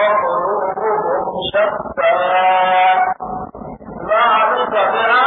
وقلوبهم شتى ذلك بأن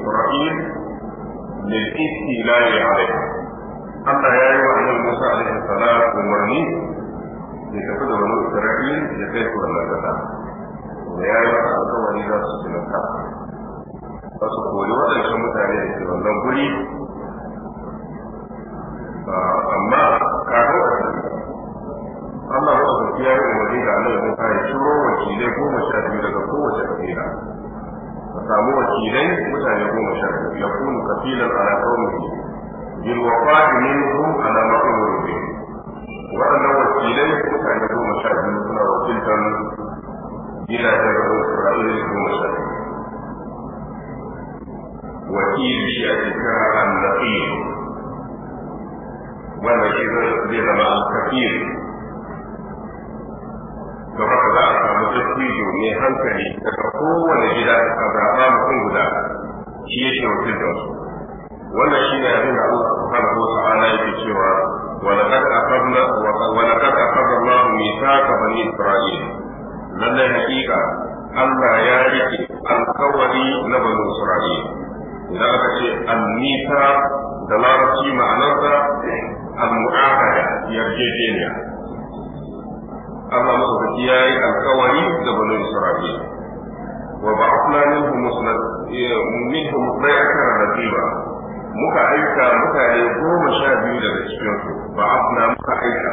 إسرائيل للاستيلاء عليه Allah ya yi wa annabi Musa alaihi salam umarni ya tafi da wani Isra'il ya kai su wannan kasa. Da ya yi masa alkawari za su shiga ka. Za su kori waɗancan mutane da ke wannan guri. Amma wakilai goma biyu daga kowace samu wakilai mutane goma sha biyu ya kunu kafilan ala qaumihi bil wafa'i minhum ala maqamir bi waɗannan wakilai mutane goma sha biyu suna wakiltan gidajen da Isra'ila goma sha biyu wakili shi a cikin annabi wanda shi zai zama al-kafir don haka za a samu dattijo mai hankali daga kowane gida a zaɓa mutum guda shi yake wakiltar su wannan shi ne abin da Allah subhanahu wa ta'ala yake cewa ولقد أخذنا ولقد أخذ الله ميثاق بني إسرائيل لنا حقيقة Allah ya rike alkawari na banu Isra'il. Idan aka ce al-mita da larabci ma'anarsa al-mu'ahada yarjejeniya. Allah madaukaki ya yi alkawari da banu Isra'ila wa ba'athna minhum eh, minhum bayatan raqiba muka aika mutane goma sha biyu daga cikin su ba'athna muka aika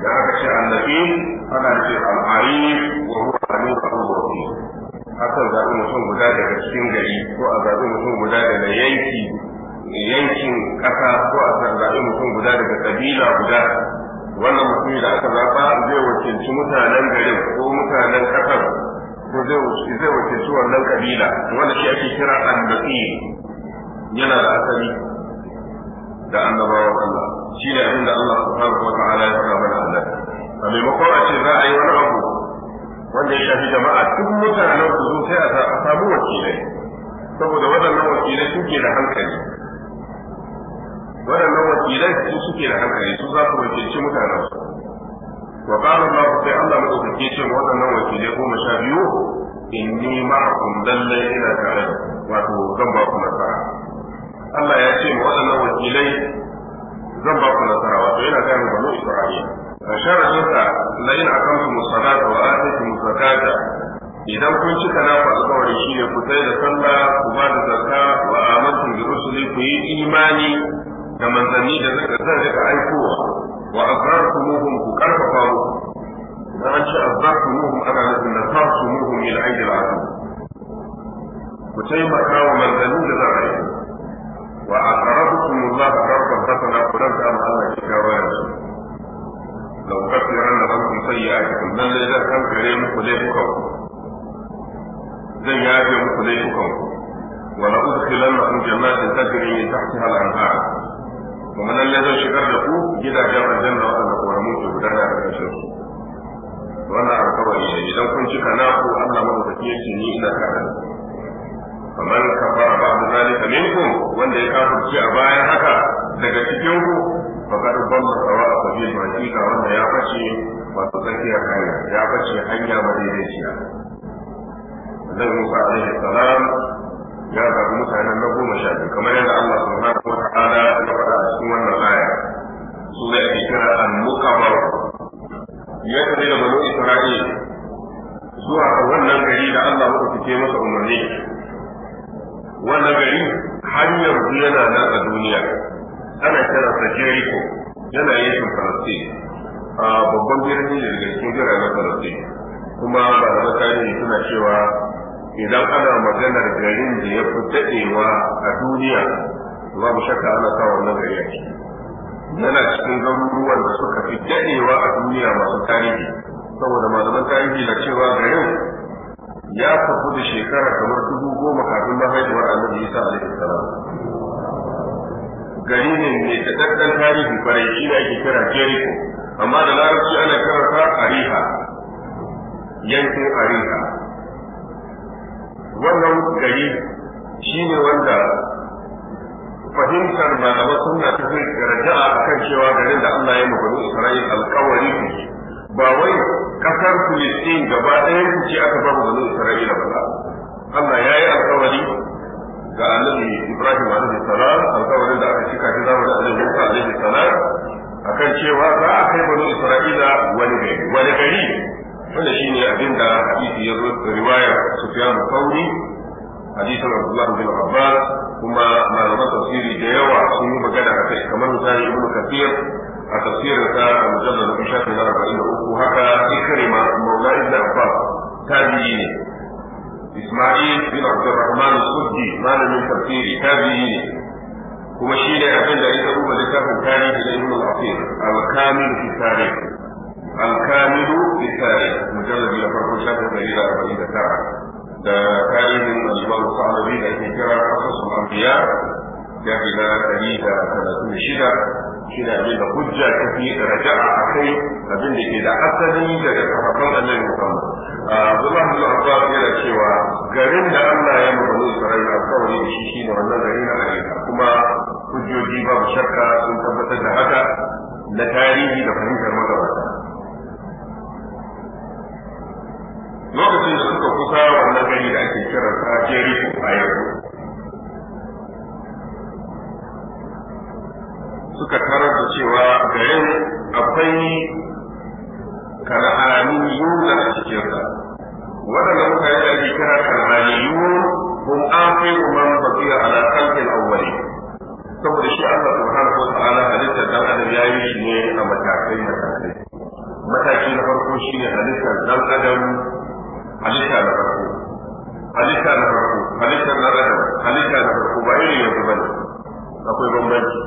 idan aka ce annabi ana ce al-arif wa huwa al-amin rahim akan zaɓi mutum guda daga cikin gari ko a zaɓi mutum guda daga yanki yankin ƙasa ko a zaɓi mutum guda daga ƙabila guda wannan mutum da aka zaba zai wakilci mutanen garin ko mutanen kasar ko zai wakilci wannan ƙabila. wanda shi ake kira annabi yana da asali da annabawan Allah shi ne abin da Allah subhanahu wa ta'ala ya faɗa mana Allah a maimakon a ce za a yi wani abu wanda ya shafi jama'a duk mutanen su sai a samu wakilai saboda waɗannan wakilai suke da hankali waɗannan wakilai su suke da hankali su za su wakilci mutanen su wa qala Allah sai Allah madaukake ce waɗannan wakilai goma sha biyu inni ma'akum lallai ina tare da wato zan ba ku nasara Allah ya ce ma waɗannan wakilai zan ba ku nasara wato yana gaya banu Isra'ila sharadin sa la in akamtum salata wa atitum musakata. idan kun cika na alƙawari shine ku sai da sallah ku ba da zakka wa amantum bi rusuli ku yi imani da manzanni da zan rika aikowa wa azartumuhum ku karfafa mu idan an ce azartumuhum ana nufin nasartumuhum min aidil adu ku taimaka wa manzanni da zan aiko wa aqrabtumullah qarban hasana ku dan ta Allah shi gawa yanzu لو كفر عنكم سيئاتكم بل إذا كان كريمكم ليفكم زي يعافي ليفكم ولأدخلنكم جنات تجري من تحتها الأنهار kuma lalle zan shigar da ku gidajen aljanna waɗanda koramun ke gudana a ƙarshen su wannan alkawari ne idan kun cika na ku Allah madaukaki yake ni ina tare da ku kamar kafara ba'du zalika minkum wanda ya kafirce a bayan haka daga cikin ku faqad a sawa'a sabil hakika wanda ya bace wato tsakiya hanya ya bace hanya madaidaiciya Zan yi Musa alaihi salam ya zaɓi mutanen na goma sha biyu kamar yadda Allah subhanahu wa ta'ala ya suna ake kira al-mukabar ya tafi da banu isra'il zuwa wannan gari da Allah muka fice masa umarni wannan gari hanyar yana nan a duniya ana kira sa Jericho yana yankin babban birni da daga cikin biranen Falastin kuma ba da mutane suna cewa idan ana maganar garin da ya fi daɗewa a duniya babu shakka ana sa wannan gari a ciki yana cikin garuruwan da suka fi dadewa a duniya masu tarihi saboda malaman tarihi na cewa ga yau ya fafu da shekara kamar dubu goma kafin na haihuwar annabi isa alaihi salam gari ne mai daɗaɗɗen tarihi kwarai shi da ake kira jericho amma da larabci ana karanta ariha yankin ariha wannan gari shi ne wanda fahimtar malaman sunna ta fi raja'a akan cewa garin da Allah ya mabani Isra'il alƙawari ne ba wai kasar Filistin gaba ɗaya ku ce aka ba mabani Isra'ila ba Allah ya yi alƙawari ga annabi Ibrahim alaihi salam alƙawarin da aka cika shi zamanin annabi Musa alaihi salam akan cewa za a kai bani Isra'ila wani gari wani gari wanda shine abin da hadisi ya zo riwayar Sufyan Thawri hadisin Abdullah bin Abbas kuma malaman tafsiri da yawa sun yi magana a kai kamar misali ibnu kathir a tafsirin sa a mujallar da shafi na arba'in da uku haka ikrima maula ibn abbas tabi'i ne isma'il bin abdurrahman suddi malamin tafsiri tabi'i ne kuma shi ne abin da ya rubuta littafin tarihi da ibnu al-afir al-kamil fi tarikh al-kamil fi tarikh mujallar da farko shafi na arba'in da tara da tarihin al-imam sa'adi da ke kira asasul anbiya da bila dari da talatin shida shi da abin da hujja ta fi raja'a a kai abin da ke da da daga sahabban annabi muhammad Abdullah bin Abbas yana cewa garin da Allah ya mutane Isra'ila alƙawari da shi shine wannan garin na Amerika kuma hujjoji babu shakka sun tabbatar da haka na tarihi da fahimtar magabata lokacin suka kusa wannan gari da ake kira ta jeri ko yanzu suka tarar da cewa garin akwai yuna a cikinsa waɗanda mutane da ake kira kan'aniyun hum akhiru man baqiya ala khalqil awwali saboda shi Allah subhanahu wa ta'ala halittar dan adam yayi shi ne a matakai matakai mataki na farko shine halittar dan adam halitta na farko halitta na farko halitta na rahama halitta na farko ba irin yanzu bane akwai bambanci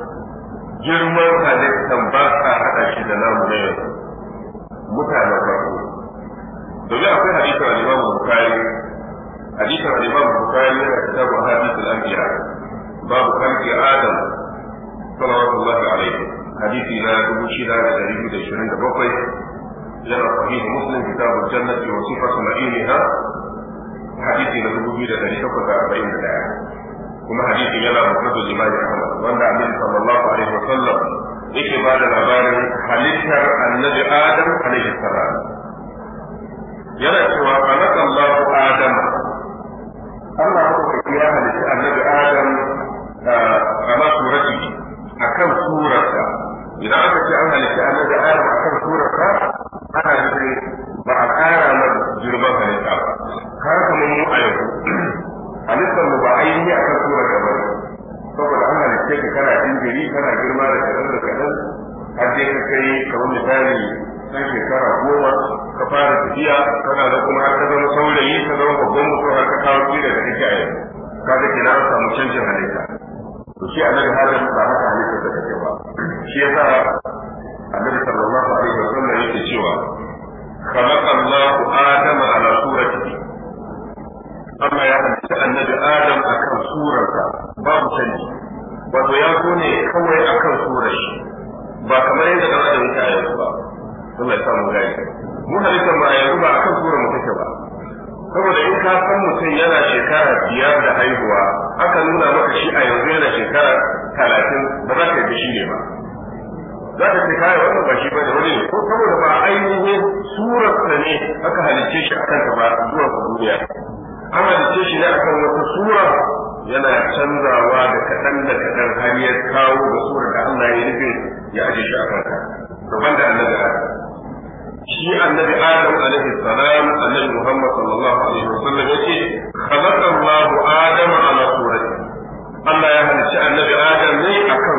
girman halittan ba sa hada shi da namu na yanzu mutanen farko domin akwai hadisin al-Imam Bukhari hadisin al-Imam Bukhari yana kitabun hadith al-anbiya babu khalqi Adam sallallahu alaihi hadisi na bakwai. جرى صحيح مسلم كتاب الجنة وصفة نعيمها حديثي لا تقول بيدا تاني فقط أربعين دعاء كما حديثي يلا مخلص جماعة أحمد وأن النبي صلى الله عليه وسلم إيش بعد الأبان حلفها النبي آدم عليه السلام يلا سوى خلق الله آدم الله هو في النبي آدم خلاص آه، رجلي أكم سورة إذا أردت أن هلك النبي آدم أكم سورة ana nufin ba a kara mana jirgin halitta ba har kamar mu a yau halittar mu ba ainihi a kan sura da bari saboda an halitta ka kana jinjiri kana girma da kadan da kadan har dai ka kai kamar misali san shekara goma ka fara tafiya kana da kuma har ka zama saurayi ka zama babban mutum har ka kawo tsira da kake a yau kaga kina an samu canjin halitta to shi annabi hadin ba haka halittar da take ba shi ya yasa annabi sallallahu alaihi wa yake cewa khalaqa Allahu Adama ala suratihi Allah ya halitta annabi Adam akan surarsa babu canji wato ya so kawai akan surar shi ba kamar yadda dan yake a yanzu ba Allah ya sa mu gani mu a yanzu ba akan ba saboda in ka san yana shekara biya da haihuwa aka nuna maka shi a yanzu yana shekara talatin ba za ka shi ne ba za ta ce kaya wannan ba shi bane wani ko saboda ba ainihin surar sa ne aka halicce shi akan ta ba zuwa duniya an halicce shi ne akan wata sura yana canzawa da kaɗan da kaɗan har ya kawo da surar da Allah ya nufi ya aje shi a kanka. daban da annabi shi annabi Adam alaihi salam annabi Muhammad sallallahu alaihi wasallam yake khalaqa Allahu Adam ala surati Allah ya halicci annabi Adam ne akan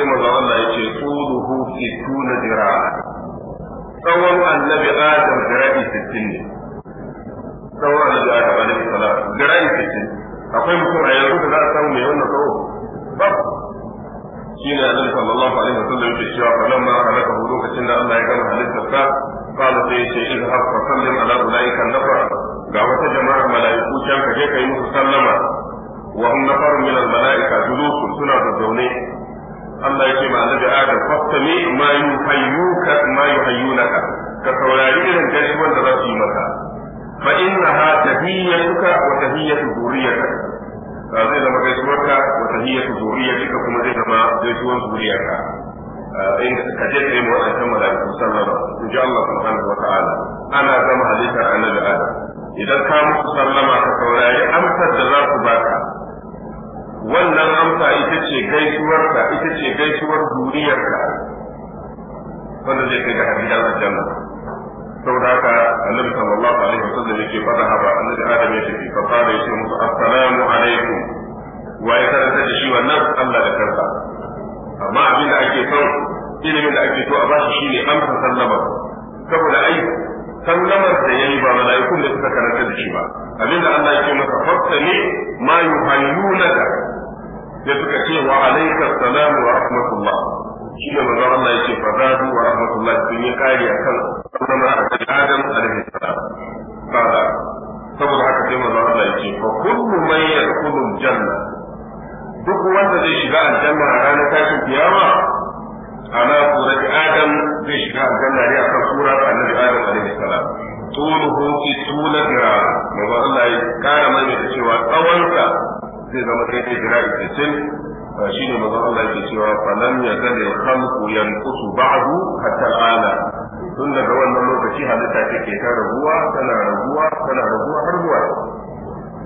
sai manzo Allah ya ce tuluhu sittuna dira'a tsawon annabi Adam dira'i sittin ne tsawon annabi Adam alaihi salam dira'i sittin akwai mutum a yanzu da za a samu mai wannan tsawo ba. shi ne annabi sallallahu alaihi wasallam yake cewa fa lamma halaka lokacin da Allah ya gama ya halittarsa قال سيدي اذهب فسلم على اولئك النفر ga wata jama'ar mala'iku can ka je ka yi musu sallama wa hum nafarun min al-mala'ika julusun suna da zaune Allah ya ce ma annabi Adam fastami ma yuhayyuka ma yuhayyunaka ka saurari irin gaisuwar da za su yi maka fa innaha tahiyyatuka wa tahiyyatu dhurriyyaka zai zama gaisuwarka wa tahiyyatu dhurriyyaka kuma zai zama gaisuwar zuriyarka in ka je kai mu wannan malaiku sallama in ji Allah subhanahu wa ta'ala ana zama halittar annabi Adam idan ka musu sallama ka saurari amsar da za su baka wannan amsa ita ce ka ita ce gaisuwar ka wanda zai kai ga hadidan aljanna saboda haka annabi sallallahu alaihi wasallam yake fada haba annabi adam yake tafi fa fara yake musu assalamu alaikum wa ya karanta da shi wannan Allah da kansa amma abin da ake son ilimin da ake so a bashi shine amsa sallama saboda ai sallamar da yayi ba mala'ikun da suka karanta da shi ba abin da Allah yake masa fassani ma yuhayyuna sai suka ce wa alaika salam wa rahmatullah shi da manzo Allah yake fa zadu wa rahmatullah sun yi kari akan sunan annabi Adam alaihi salam fara saboda haka sai manzo Allah yake fa kullu man yadkhulul janna duk wanda zai shiga aljanna a ranar tashin kiyama ala surati adam zai shiga aljanna ne akan sura annabi adam alaihi salam tuluhu fi tula dira manzo Allah ya kara mai da cewa tsawonsa zai zama daidai jira'i sittin shi ne mazan Allah yake cewa falam ya zane khalqu yanqusu ba'du hatta al'ana tun daga wannan lokaci halitta ta ke ta raguwa tana raguwa tana raguwa har zuwa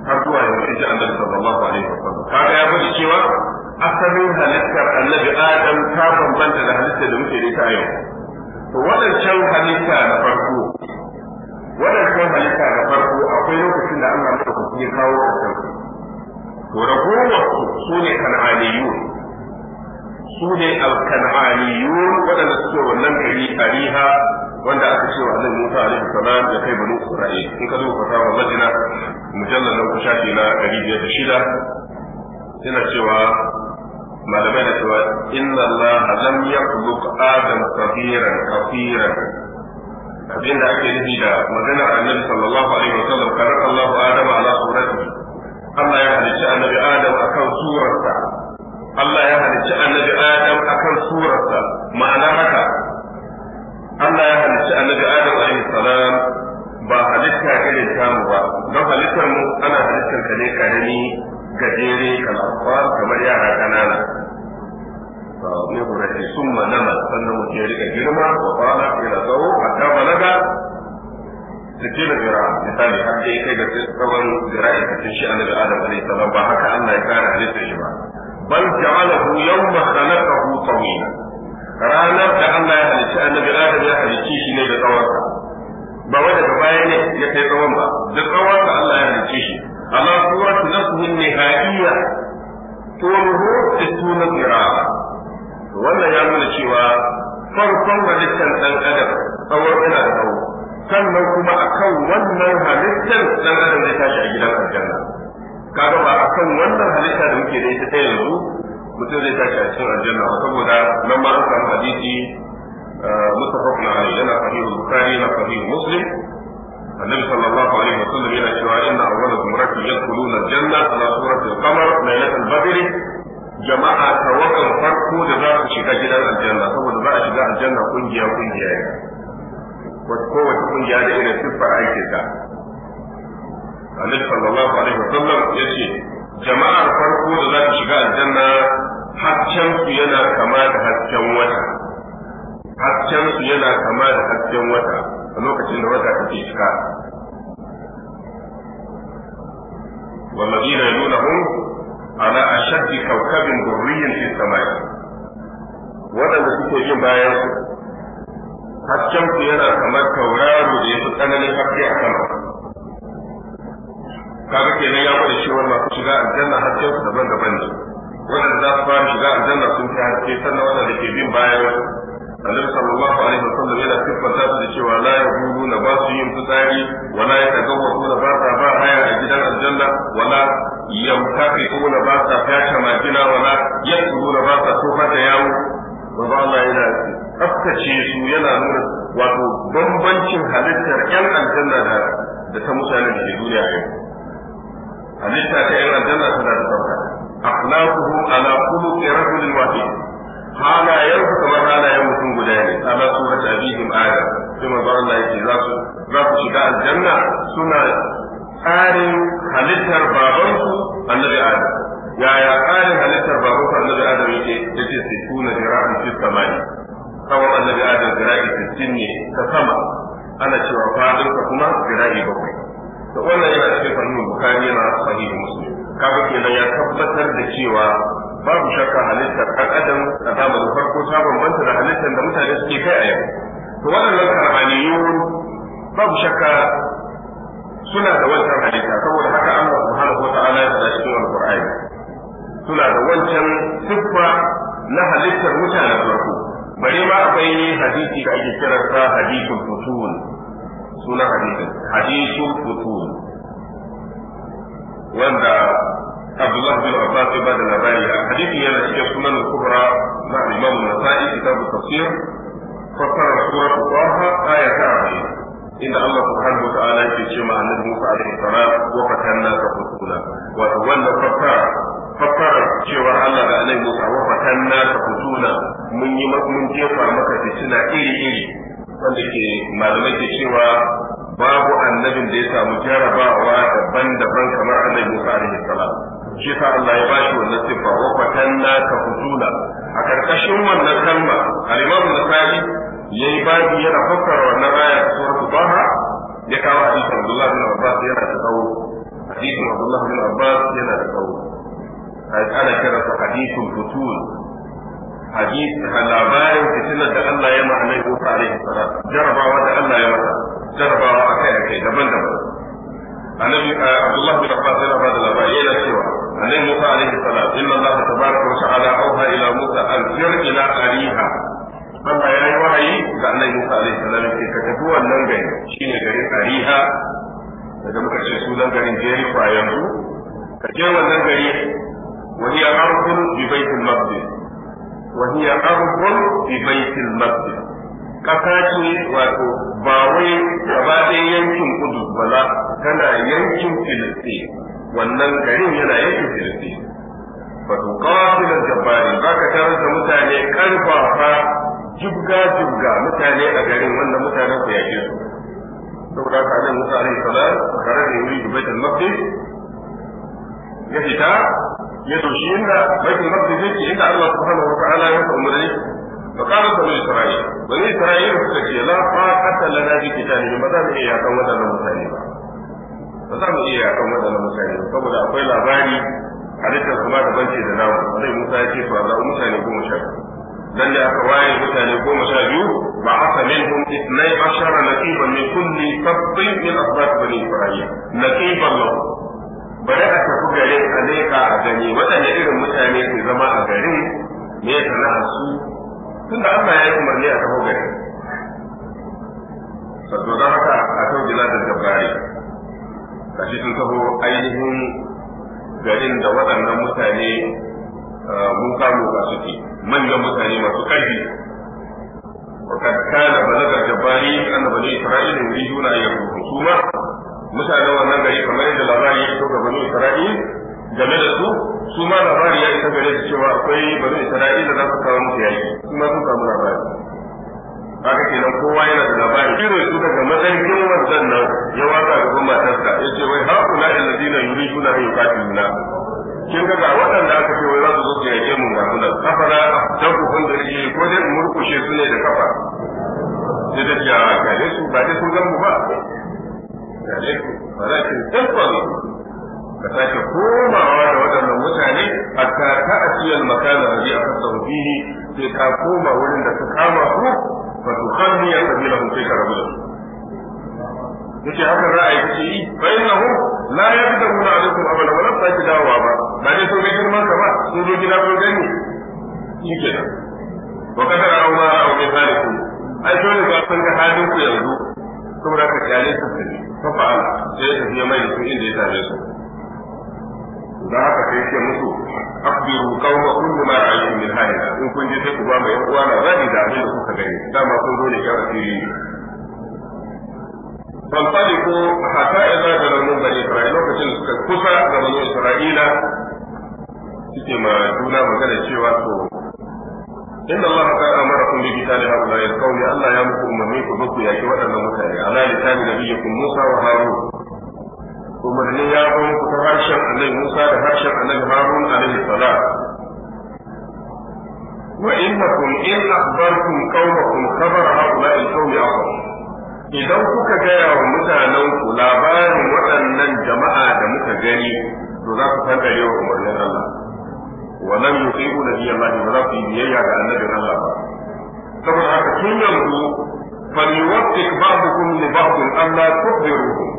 har zuwa yanzu ji annabi sallallahu alaihi wasallam kaga ya faɗi cewa asalin halittar annabi adam ta bambanta da halittar da muke da ita yau to wadancan halitta na farko wadancan halitta na farko akwai lokacin da Allah ya kawo kansa ragowarsu su ne kan'aniyu su ne alkan'aniyu waɗanda suke wannan gari a riha wanda aka ce wa annabi Musa alaihi salam da kai bani Isra'il in ka zo fatawa majina mujallal na shafi na 106 yana cewa malamai da cewa Adam abin da ake nufi da maganar annabi sallallahu alaihi wasallam karar Allah Adam ala surati Allah ya halicci annabi Adam akan surarsa Allah ya halicci annabi Adam akan surarsa ma'ana haka Allah ya halicci annabi Adam alaihi salam ba halitta irin mu ba don halittar mu ana halittar ka ne karami gajere kalafa kamar yara kanana ne kuma sun manama sannan mutum ya rika girma wa fara ila tsawo a ta balaga sittin da zira misali har dai kai ga tsawon zira'i ka tun shi annabi adam alaihi salam ba haka Allah ya kare halitta shi ba bal ja'alahu yawma khalaqahu tawila ranar da Allah ya halicci annabi adam ya halicci shi ne da tsawon ba wai daga baya ne ya kai tsawon ba da tsawon da Allah ya halicci shi Allah suratu nasuhu nihaiya tuwuhu sittuna zira wannan ya nuna cewa farkon halittar dan adam tsawon yana da tsawo sannan kuma akan wannan halittar dan adam zai tashi a gidan aljanna kaga ba akan wannan halitta da muke da ita ta yanzu mutum zai tashi a cikin aljanna ba saboda nan ma an samu hadisi متفق عليه لنا صحيح البخاري لنا صحيح مسلم النبي صلى الله عليه وسلم الى شواء ان اول زمره يدخلون الجنه على سوره القمر ليله البدر جماعه توكل فرقوا لذا شيكا جدا الجنه saboda za a shiga aljanna kungiya kungiya ne kowace kungiya da irin siffar aikinta annabi sallallahu alaihi wasallam ya ce jama'ar farko da za ta shiga aljanna hasken su yana kama da hasken wata hasken su yana kama da hasken wata a lokacin da wata take shiga والذين يلونهم على أشد كوكب ذري في السماء ولا نسيت يجب hasken su yana kamar tauraro da ya fi tsananin haske a sama kaga kenan ya shi cewa masu shiga aljanna hasken su daban-daban ne waɗanda za su fara shiga aljanna sun fi haske sannan da ke bin bayan annabi sallallahu alaihi wasallam yana siffanta su da cewa la na ba su yin fitsari wala yatazawwaquna ba sa ba haya a gidan aljanna wala na ba sa fashe majina wala yakuluna ba sa tofa da yawo ba Allah yana tsaftace su yana nuna wato bambancin halittar yan aljanna da da ta mutanen da ke duniya yau halitta ta yan aljanna tana da tsafta akhlaquhum ala khuluqi rajulin wahid halayen su kamar yan mutum guda ne ala surati abihim aya sai manzo Allah yake za su za su shiga aljanna suna tsarin halittar babansu annabi Adam yaya tsarin halittar babansu annabi Adam yake yake sai kuna jira'an fi samani tsawon annabi adam zira'i sittin ne ta sama ana cewa fadin ka kuma zira'i bakwai to wannan yana cikin sahihul bukhari na sahihul muslim kaga kenan ya tabbatar da cewa babu shakka halittar ɗan adam a zamanin farko ta bambanta da halittar da mutane suke kai a yau to waɗannan karbaniyun babu shakka suna da wancan halitta saboda haka Allah subhanahu wata'ala ya faɗa cikin alqur'ani suna da wancan siffa na halittar mutanen farko bare ma akwai hadisi da ake kiransa hadisul futul sunan hadisin hadisul futul wanda Abdullah bin Abbas ya bada labari a hadisi yana cikin sunan kubra na Imam Nasa'i kitab tafsir fassara suratu Taha aya ta 40 inda Allah subhanahu wa ta'ala yake cewa annabi Musa alaihi salam wa fatanna ka futula wato wannan fassara fassara cewa Allah da Annabi Musa wa fatanna ka fituna mun yi mun jefa maka fitina iri iri wanda ke malamai ke cewa babu annabin da ya samu jarabawa daban-daban kamar Annabi Musa alaihi salam shi sa Allah ya bashi wannan sifa wa fatanna ka fituna a karkashin wannan kalma al-Imam Nasa'i yayi babu yana fassara wannan aya suratul Baha ya kawo hadisin Abdullah bin Abbas yana da tsawo hadisin Abdullah bin Abbas yana da tsawo ana kira su hadisun butul hadis labarin fitinar da Allah ya ma annabi Musa alaihi salam jarabawa da Allah ya masa jarabawa a kai a kai daban-daban annabi Abdullah bin Abbas yana bada labari yana cewa annabi Musa alaihi salam inna Allah tabaraka wa ta'ala auha ila Musa an sir ila ariha Allah ya yi wahayi ga annabi Musa alaihi salam ke ka tafi wannan gari shine gari ariha daga muka ce sunan garin Jericho a yanzu ka je wannan gari وهي أرض ببيت المقدس وهي أرض ببيت المقدس kasa ce wato ba wai gaba ɗaya yankin kudu ba tana yankin filisti wannan garin yana yankin filisti wato kawafinan jabari ba ka tarar da mutane karfafa jibga jibga mutane a garin wannan mutanen ku yake su saboda ka nan musa alaihi salam tare da yuri da baitul maqdis ya fita ya doshi inda baitul maqdis yake inda Allah subhanahu wa ta'ala ya umarni فقال بني إسرائيل بني إسرائيل سكي لا طاقة لنا في قتالهم ما دام إياه كم ودنا مسلمين ما دام إياه كم ودنا مسلمين كم ودا أقول أباني halittar kuma da banci da nawa sai Musa ya ce to Allah mutane goma sha dan da aka waye mutane goma sha biyu ba aka minhum ithnai ashara naqiban min sabbin min asbat bari a tafi garin a leƙa a gani waɗanne irin mutane ke zama a garin me ya sana'a su tun da Allah ya yi umarni a tafi gari. sato da haka a tau gila da gabari a cikin taho ainihin garin da waɗannan mutane mun samu a suke manyan mutane masu ƙarfi وقد كان بلغ الجباري أن بني إسرائيل juna أن يكونوا خصومة mutanen wannan gari kamar yadda labari ya fito ga bani isra'il game da su su ma labari ya isa gare su cewa akwai bani isra'il da za su kawo musu yaki su ma sun samu labari haka kenan kowa yana da labari irin su daga mazarkin wanzan nan ya waka gaban matarsa ya ce wai haƙula illazina yuriduna an yuqatiluna kin ga waɗanda aka ce wai za su zo su yake mun gasu kula. kafara ta ku kun ko dai murkushe su ne da kafa sai da ya kare su ba dai sun gan ba kyale ku ba za ki tabbata ka sake komawa da waɗannan mutane a hatta ta asiyal makana a biya fasa fihi sai ka koma wurin da ka kama ku fa tukhanni ya sabila da sai ka rabu da su yace hakan ra'ayi kace yi fa innahu la yabda'una alaikum abada wala sake dawowa ba ba dai sun ga girman ka ba sun zo gida sun gani shike nan wa kada a ra'au bi zalikum ai dole ba san ka halin ku yanzu saboda ka kyale su ne fa fa'ala sai ya tafi mai inda ya same su da haka sai ce musu akbiru qauma kullu ma ra'aytum min hada in kun je sai ku ba mai uwa na rabi da da kuka gani dama kun zo ne ya asiri فانطلقوا حتى إذا جلوا بني إسرائيل وكتن كفر بني إسرائيل suke ma juna magana cewa inda Allah ta amara kun bi ta da haula ya Allah ya muku umarni ku zo ku yaki waɗannan mutane ala lisani nabiyyikum Musa wa Harun umarni ya zo ta harshen annabi Musa da harshen annabi Harun in idan kuka gaya wa mutanen ku labarin waɗannan jama'a da muka gani to za ku san wa umarnin Allah wa lam yuti'u nabiyallahi ba za su yi biyayya ga annabin Allah ba saboda haka tun yanzu فليوفق بعضكم لبعض ألا تخبروهم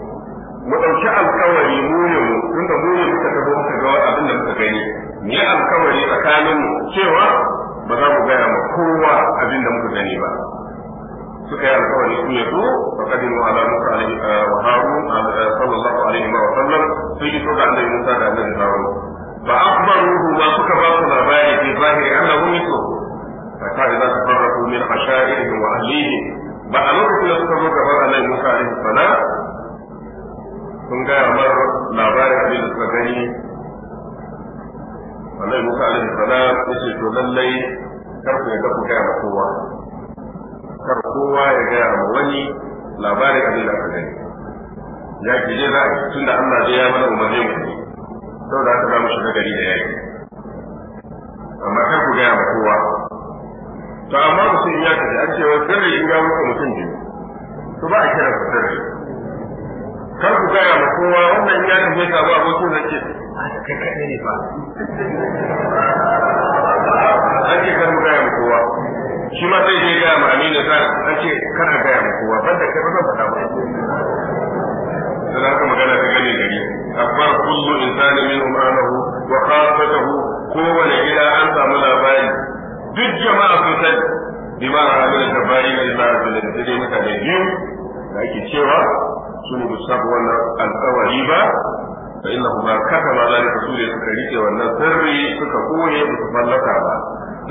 mu ɗauki alkawari mu ne mu tunda mu ne muka tabo muka ga abin da muka gani mu yi alkawari tsakanin cewa ba za mu gaya ma kowa abin da muka gani ba suka yi alkawari sun yazo fa qadimu ala sallallahu alaihi sun yi musa da ba akhbaruhu ba suka ba su labari fi zahiri annahu mithlu hatta idza tafarraqu min ashairihim wa ahlihim ba a lokacin da suka zo gaban annabi Musa alaihi salam sun ga mar labarin abin da suka gani annabi Musa alaihi salam yace to lallai kar ku kowa kar kowa ya ma wani abin da ya ki je za a tunda Allah ya mana umarni mu sau da aka zamu shiga gari da yaki amma kan ku gaya ma kowa to amma ba su iya kaji an cewa sirri in ga muku mutum biyu to ba a kira su sirri kan ku gaya ma kowa wannan ya tafi ka ba abokin zance a ah, da kai kaɗai ne fa an ce kan ku gaya ma kowa shi ma sai dai gaya ma amina sa an ce kana gaya ma kowa ban da kai ba zan faɗa ba. Sai da haka magana ta gane gari. أخبر كل إنسان منهم أهله وخاصته كون gida an samu أبائي duk jama'a sun sani bi ma hamil da bayi ne ba da da dai mutane biyu da ake cewa su ne bisa wannan alƙawari ba fa inna huma kafa ma zalika su ne suka rike wannan sirri suka koye ba su fallaka ba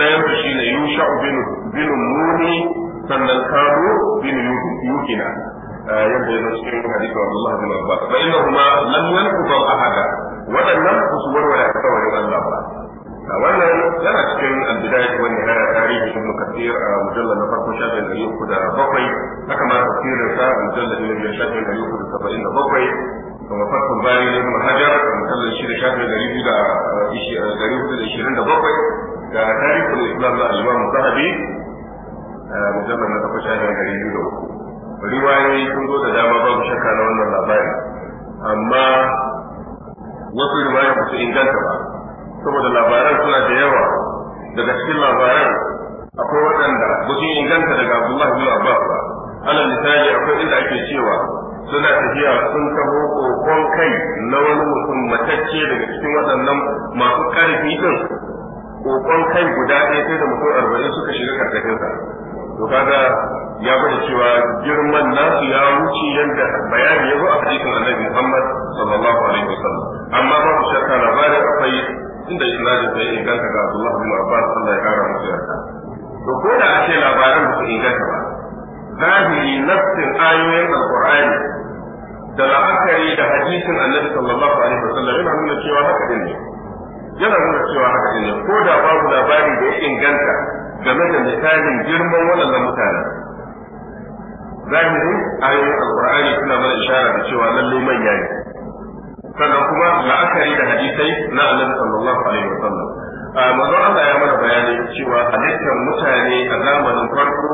ɗayan su shine yusha bin bin nuni, sannan kado bin yukina yadda ya zo cikin hadisi wa Abdullah bin Abbas fa innahuma lam yanqutu ahada wadannan ba su warware alƙawarin Allah ba wannan yana cikin albidaya wani na tarihi ibn kathir a mujallar na farko shafin dari uku da bakwai haka ma tafsirin sa mujallar na biyar shafin dari uku da saba'in da bakwai kuma farkon bari ne ibn hajar a mujallar shida shafin dari biyu da dari da ishirin da bakwai da tarihin islam na al-imam zahabi mujallar na takwas shafin dari biyu da uku riwayoyi sun zo da dama babu shakka na wannan labari amma wasu riwayoyi ba su inganta ba saboda labaran suna da yawa daga cikin labaran akwai waɗanda ba su inganta daga Abdullah bin Abbas ba Ana misali akwai inda ake cewa suna tafiya sun taho kokon kai na wani mutum matacce daga cikin waɗannan masu ƙarfi din kokon kai guda ɗaya sai da mutum arba'in suka shiga karkashinsa to kaga ya gwada cewa girman nasu ya wuce yadda bayani ya zo a hadisin annabi Muhammad sallallahu alaihi wasallam amma babu shakka labarin akwai inda isnadin sai inganta ga Abdullah bin Abbas Allah ya kara musu yarda to ko da a ce labarin ba su inganta ba zahiri nafsin ayoyin alqur'ani da la'akari da hadisin annabi sallallahu alaihi wasallam yana nuna cewa haka din ne yana nuna cewa haka din ne ko da babu labari da ya inganta game da misalin girman waɗannan mutanen zahiri ayoyin Alƙur'ani suna mana ishara da cewa lalle manya ne sannan kuma la'akari da hadisai na annabi sallallahu alaihi wasallam manzon Allah ya mana bayani cewa halittar mutane a zamanin farko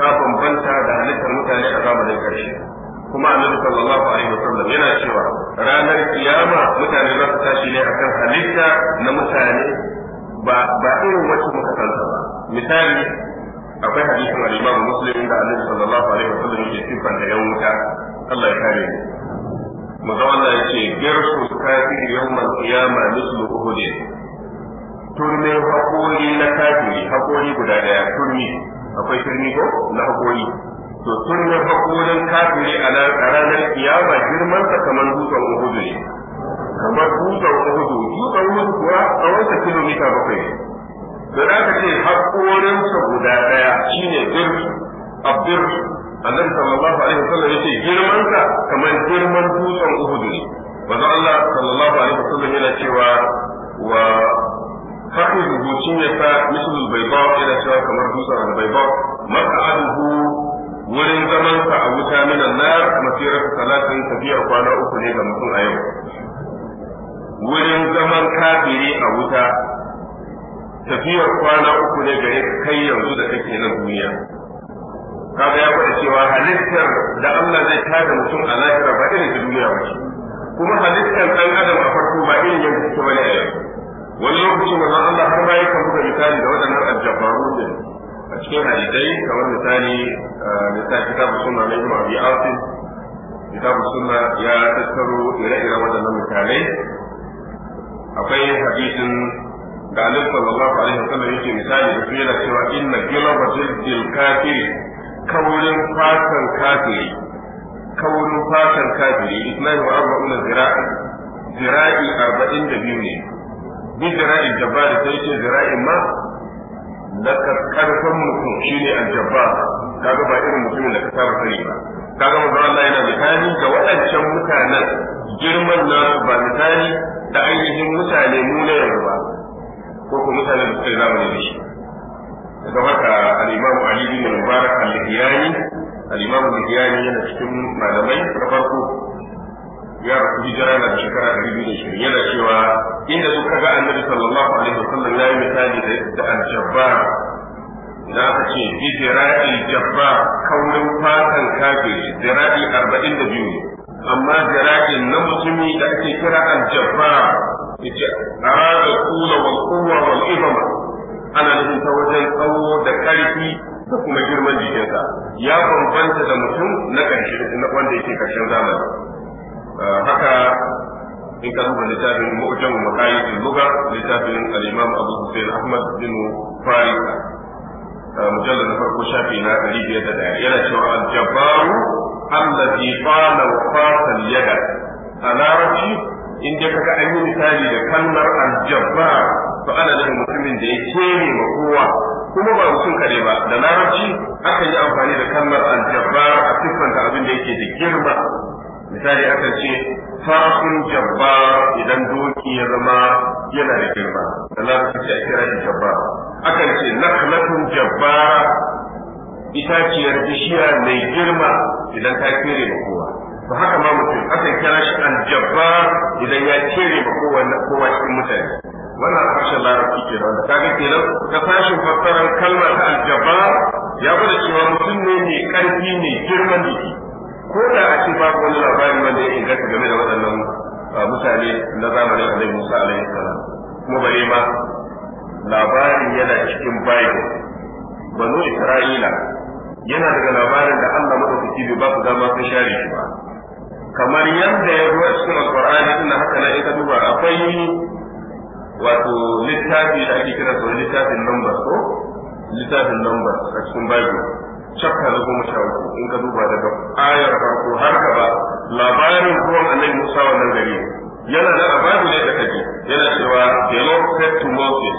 ta bambanta da halittar mutane a zamanin ƙarshe kuma annabi sallallahu alaihi wasallam yana cewa ranar kiyama mutane za su tashi ne akan halitta na mutane ba ba irin wacce muka santa misali akwai hadisin al-Imam Muslim da Annabi sallallahu alaihi wasallam yake sifan da yan wuta Allah ya kare mu manzo Allah yake girsu kafir yawmal qiyama mislu uhud turmi hakori na kafiri hakori guda daya turmi akwai turmi ko na hakori to turmi hakorin kafiri a ranar kiyama girman sa kamar dutsen uhud ne kamar dutsen uhud dutsen uhud kuwa a wata kilomita bakwai da za ka ce haƙorinsa guda ɗaya shine birsu a nan sallallahu alaihi wasallam yace girman ka kamar girman dutsen uhud ne wanda Allah sallallahu alaihi wa sallam yana cewa wa ya cinyata misal bayda yana cewa kamar dutsen albayda mas'aduhu wurin zaman a wuta min annar masiratu talatin tafiyar kwana uku ne ga mutum a yau wurin zaman kafiri a wuta tafiyar kwana uku ne gare kai yanzu da kake nan duniya kaga ya faɗi cewa halittar da Allah zai tada mutum a lahira ba irin ta duniya ba kuma halittar ɗan adam a farko ba irin yanzu ta wani a yau. wani lokacin manzon Allah har ma yakan buga misali da waɗannan aljabaru ne a cikin hadisai kamar misali eh, misali kitabu sunna na Ibn Abi Asim kitabu sunna ya tattaro ire-iren waɗannan mutane. akwai hadisin da annabi sallallahu alaihi wasallam yake misali da su yana cewa inna gilabatil dil kafiri kaurin fatan kafiri kaurin fatan kafiri isna'i wa arba'una zira'a zira'i arba'in da biyu ne bi zira'i jabbar sai ce zira'i ma da karfan mutum shine aljabbar kaga ba irin mutumin da ka saba sani ba kaga manzo Allah yana misali ga waɗancan mutanen girman na ba misali da ainihin mutane mu na yanzu ba ko kuma mutanen da suka yi zamani da shi daga haka Alimamu imam ali bin mubarak al-hiyani Alimamu al-hiyani yana cikin malamai na farko ya rasu hijira na shekara ɗari biyu da shirin yana cewa inda duk kaga annabi sallallahu alaihi wasallam ya yi misali da al-jabbar idan aka ce bi zira'i jabbar kaurin fatan kafiri zira'i arba'in da biyu amma zira'in na musulmi da ake kira al-jabbar yace arada kula wal quwwa wal izama ana nufin ta wajen tsawo da karfi da kuma girman jikinsa ya bambanta da mutum na karshe na wanda yake karshen zamani ah, haka in ka duba littafin mu'jamu maqayidul lugha littafin al-imam Abu Ahmad bin Farid ah, mujallad na farko shafi na yana cewa al-jabbaru allazi yada a larabci in dai kaga an yi misali da kalmar aljabbar to ana da mutumin da ya kere ma kowa kuma ba mutum kare ba da larabci aka yi amfani da kalmar aljabbar a siffanta abin da yake da girma misali akan ce farkun jabbar idan doki ya zama yana da girma da larabci ce a kira shi jabbar akan ce naklatun jabbar itaciyar bishiya mai girma idan ta kere ma kowa to haka ma mutum aka kira shi aljabba idan ya cire ba kowanne kowa cikin mutane wannan a harshen larabci ke da wanda kaga kenan ta fashin fassarar kalmar ta aljabba ya bada cewa mutum ne mai karfi ne girman jiki ko da a ce babu wani labari wanda ya inganta game da waɗannan mutane na zamanin alai Musa alai salam kuma bare ma labarin yana cikin Bible banu Isra'ila yana daga labarin da Allah madaukaki bai ba su dama sun share shi ba kamar yadda ya zo a cikin alqur'ani inda haka na ita duba akwai wato littafi da ake kira da littafin numbers ko littafin numbers a cikin bible chapter na goma sha uku in ka duba daga ayar farko har gaba labarin ruwan annabi Musa wannan gari yana da abadu ne da kaji yana cewa the Lord said to Moses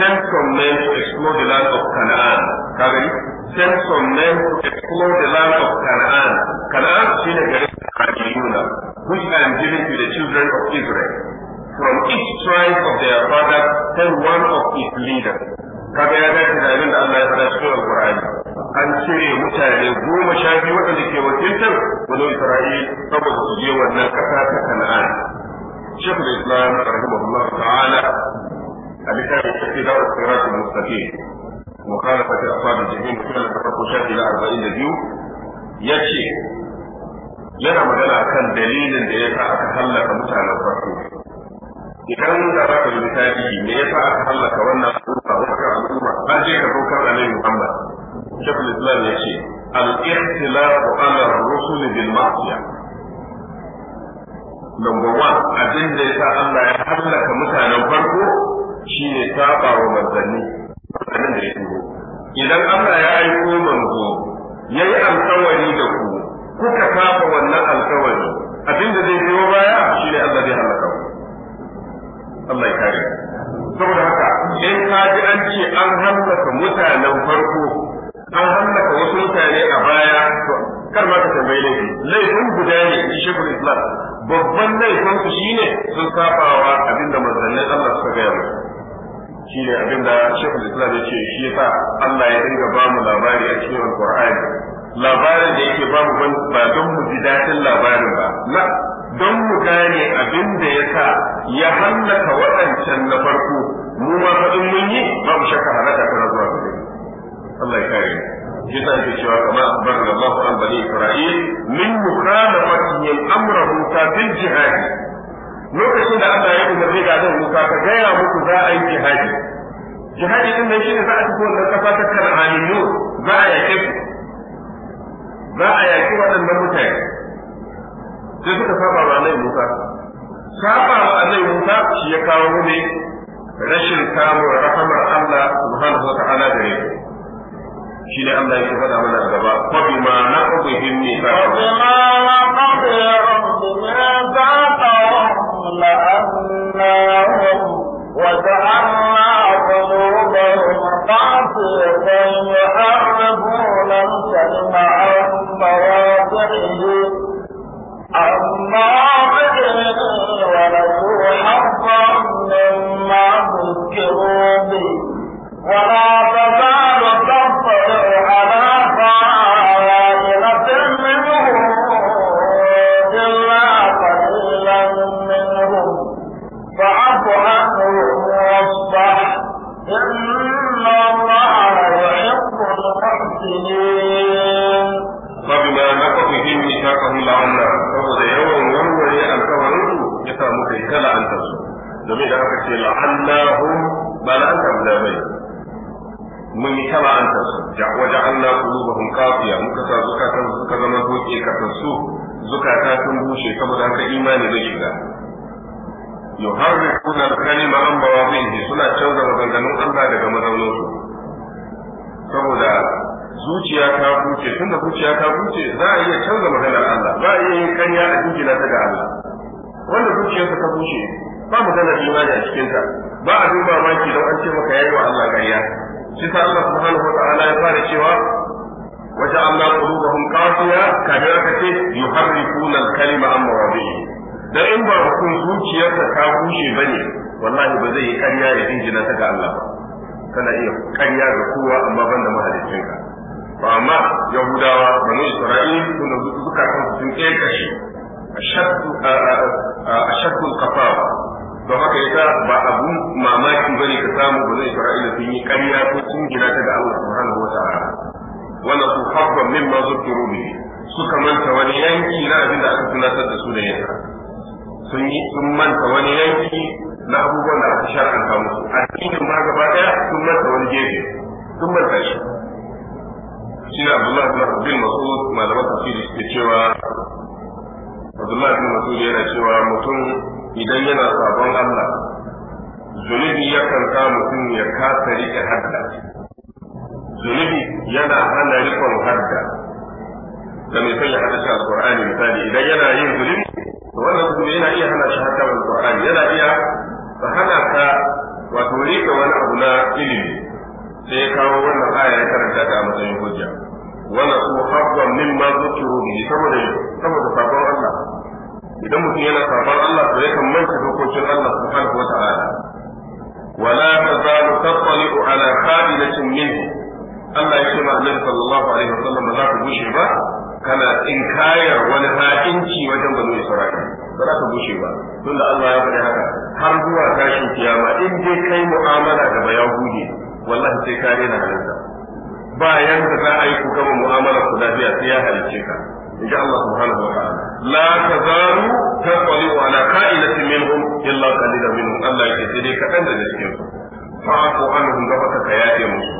send some men to explore the land of Canaan ka gani send some men to explore the land of Canaan. Canaan is a great Kajiyuna, which I am giving to the children of Israel. From each tribe of their father, send one of its leaders. Kaga ya dace da abin da Allah ya faɗa cikin Al-Qur'ani. An cire mutane goma sha biyu waɗanda ke wakiltar wani Isra'il saboda su je wannan ƙasa ta Kana'an. Shekhu da Islam rahimahullah ta'ala a littafin Shekhu da Usiratul Mustaqim مخالفة أصحاب الجحيم كان تفرق شاف إلى أربعين دبيو يأتي yana magana kan dalilin da ya sa aka hallaka mutanen farko idan da za ka ya sa aka hallaka wannan al'umma wannan al'umma an je ka dokar annabi Muhammad shekul Islam ya ce al-ikhtilafu ala ar-rusul bil abin da ya sa Allah ya hallaka mutanen farko shine saba wa manzanni abin da ya turo idan Allah ya aiko manzo ya yi alkawari da ku kuka kafa wannan alkawari abin da zai biyo baya shi ne Allah zai halaka ku Allah ya kare saboda haka in ka ji an ce an hallaka mutanen farko an hallaka wasu mutane a baya kar ma ka tambayi laifi laifin guda ne in shekul islam babban laifin su shine sun kafawa abinda manzannin Allah suka gaya musu shi ne abin da shekul islam ya ce shi yasa Allah ya dinga ba mu labari a cikin alqur'ani labarin da yake ba mu ban ba don mu ji daɗin labarin ba la don mu gane abin da ya sa ya hallaka waɗancan na farko mu ma faɗin mun yi ba babu shakka halaka tana zuwa gare Allah ya kare shi yasa yake cewa kama akbar Allah an bani Isra'il min mukhalafati amrahu ta bil jihadi lokacin da Allah ya umarni ga zan musa ka gaya muku za a yi jihadi jihadi din nan shine za a tafi wannan kafa ta kan'aniyu za a yake ku za a yake waɗannan mutane sai suka saba wa Allah musa saba wa Allah musa shi ya kawo ne rashin samun rahamar Allah subhanahu wa ta'ala da yake shi ne Allah ya faɗa mana a gaba fa ma naqdihim mithaqahum fa ma naqdihim mithaqahum أغناهم وجعلنا قلوبهم قاسية يحرفون الكلم عن مواضعه عن مواضعه ونسوا حظا مما ذكروا به domin da aka ce la'annahu ba da an tabla bai mun yi ta la'anta su wajen an na qulubahum kafiya muka sa zukatan su suka zama doke kafin su zukata sun bushe saboda haka imani zai shiga yuharrifuna al-kalima an mawadhihi suna canza maganganun Allah daga mazaunansu saboda zuciya ta buce da zuciya ta buce za a iya canza maganar Allah za a iya yin kanya a jingina ta ga Allah wanda zuciyarsa ta buce. ba mu maganar imani a cikinta. ta ba abin mamaki don an ce maka yayi wa Allah gariya shi sa Allah subhanahu wataala ya fara cewa Allah وجعلنا قلوبهم قاسية كذلك يحرفون kalima, عن مواضعه da in ba mutum zuciyarsa ta bushe ba ne wallahi ba zai yi kanya ya jinjina ta ga Allah ba kana iya kanya ga kowa amma ban da mahaliccinka ba amma yahudawa banu isra'il suna zukatan sun kashi, ashaddu ashaddu kafawa don haka yasa ba abu mamaki bane ka samu ba zai ila sun yi ƙarya ko sun gina ta ga Allah subhanahu wa ta'ala wannan su habba mimma zukiru bihi suka manta wani yanki na abin da aka tunatar da su da yasa sun yi sun manta wani yanki na abubuwan da aka shar'anta musu addinin ma gaba daya sun manta wani gefe sun manta shi shi ne Abdullah bin Abdul Mas'ud malaman tafsiri suke cewa Abdullah bin Mas'ud yana cewa mutum idan yana sabon Allah zunubi yakan sa mutum ya kasa rike hadda zunubi yana hana rikon hadda da mai sanya ya hada shi qurani misali idan yana yin zunubi to wannan zunubi yana iya hana shi hadda qurani yana iya hana ka wato rike wani abu na ilimi sai ya kawo wannan aya ya karanta ta a matsayin hujja wannan su haɓɓa min ma zukiru bihi saboda saboda sabon Allah idan mutum yana sabon Allah to yakan manta dokokin Allah subhanahu wa ta'ala wala tazalu tattali'u ala khadidatin minhu Allah ya ce ma Annabi sallallahu alaihi wa sallam za ku bushe ba kana in kayar wani hakinci wajen banu saraka. ba za ka bushe ba da Allah ya faɗi haka har zuwa tashin kiyama in dai kai mu'amala da bayahudi wallahi sai ka rena halinka ba da za a yi ku gama mu'amala ku lafiya sai ya halice ka in ji Allah subhanahu wa ta'ala la tazaru taqalu ala ka'ilatin minhum illa qalila minhum Allah ya ce dai kadan da cikin su fa'fu anhum gabaka ka yafe musu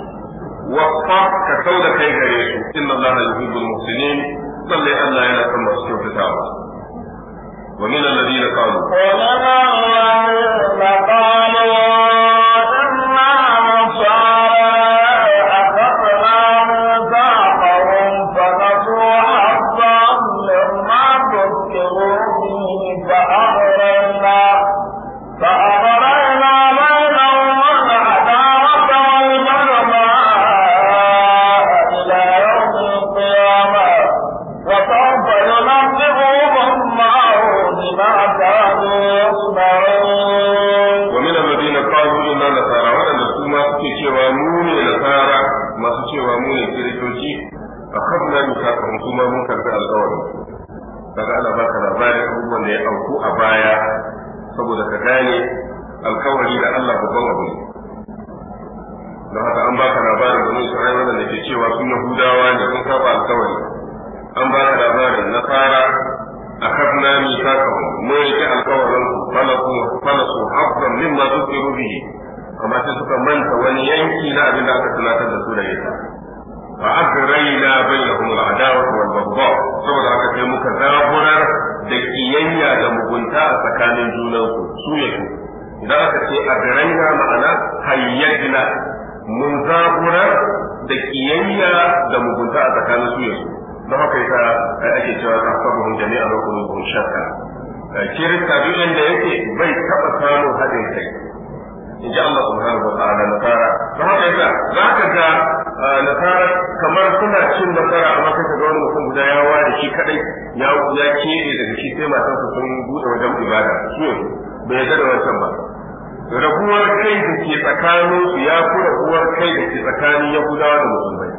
waqfa ka da kai gare su inna Allah yuhibbul Allah yana son masu kyautatawa ومن الذين قالوا ومن الذين قالوا alkawarin daga ana baka labari abubuwan da ya auku a baya saboda ka gane alkawari da Allah babban abu ne don haka an baka labarin bani isra'ila da ke cewa sun yahudawa ne sun kafa alkawari an baka labarin nasara أخذنا ku ملك القول فلسوا min مما ذكروا به amma sai suka manta wani yanki na abin da aka tunatar da su da yasa fa azraina bainahum al-adawa wal baghdha saboda haka sai muka zaburar da kiyayya da mugunta a tsakanin junansu su ya su idan aka ce a garaina ma'ana hayyajna mun zaburar da kiyayya da mugunta a tsakanin su ya su don haka yasa ake cewa asabuhum jami'an wa qulubuhum shakka eh, kirista duk inda yake bai taba samun haɗin kai in ji Allah subhanahu wa ta'ala na fara don haka yasa za ka ga Ah, nasara kamar suna cin nasara amma sai ka ga wani mutum guda ya ware shi kadai ya ya kere daga shi sai matan su sun bude wajen ibada su bai yarda da wancan ba rabuwar kai da ke tsakanin su ya fi rabuwar kai da ke tsakanin yahudawa da musulmai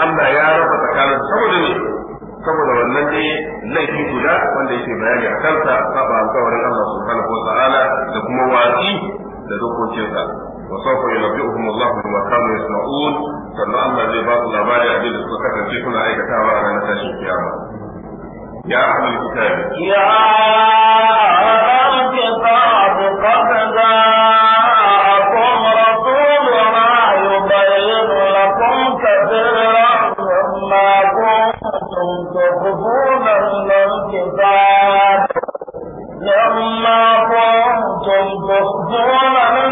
Allah ya raba tsakanin saboda ne saboda wannan dai laifi guda wanda yake bayani a kansa saba alƙawarin Allah subhanahu wa ta'ala da kuma watsi da dokokinsa وسوف ينبئهم الله بما كانوا يصنعون sannan Allah zai ba su labari abin da suka kasance suna aikatawa a ranar tashin kiyama ya ahlul kitabi ya ahlul kitabi qad ja'akum rasuluna yubayyin lakum kathiran mimma kuntum tukhfuna min al-kitab mimma kuntum tukhfuna min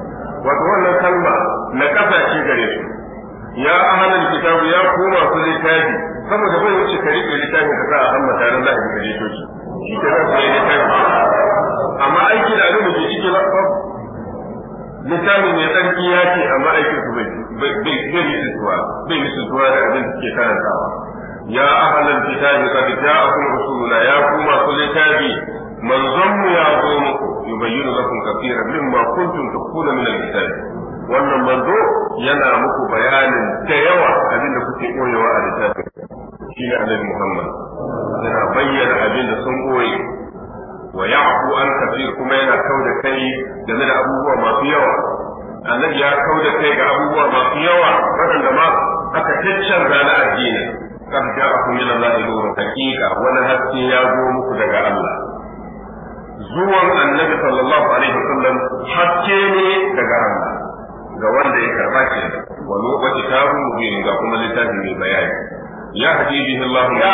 wato wannan kalma na kasa ce gare su ya ahalal kitabu ya koma su littafi saboda bai wuce kari rike littafin ka sa a hannun tarin da ake gare coci shi ke za su yi littafi amma aiki da abin da ke ciki ba littafi mai tsarki ya ce amma aikin su bai bai misaltuwa bai misaltuwa da abin da ke karantawa ya ahalal kitabi qad ja'akum rasuluna ya koma su tafi manzon mu ya zo muku yubayyinu lakum kafiran mimma kuntum tukuna min al-kitab wannan manzo yana muku bayanin da yawa abin da kuke koyewa a littafin shine annabi Muhammad yana bayyana abin da sun koye wa ya'fu an kafir kuma yana kauda kai game da abubuwa masu yawa annabi ya kauda kai ga abubuwa masu yawa waɗanda ma aka taccan rana addini kan ja'akum min Allah nurun Hakika wani haske ya zo muku daga Allah zuwan annabi sallallahu alaihi wasallam hakke ne daga Allah ga wanda ya karba shi wa nuba kitabu mubin ga kuma littafi mai bayani ya hadihi Allah ya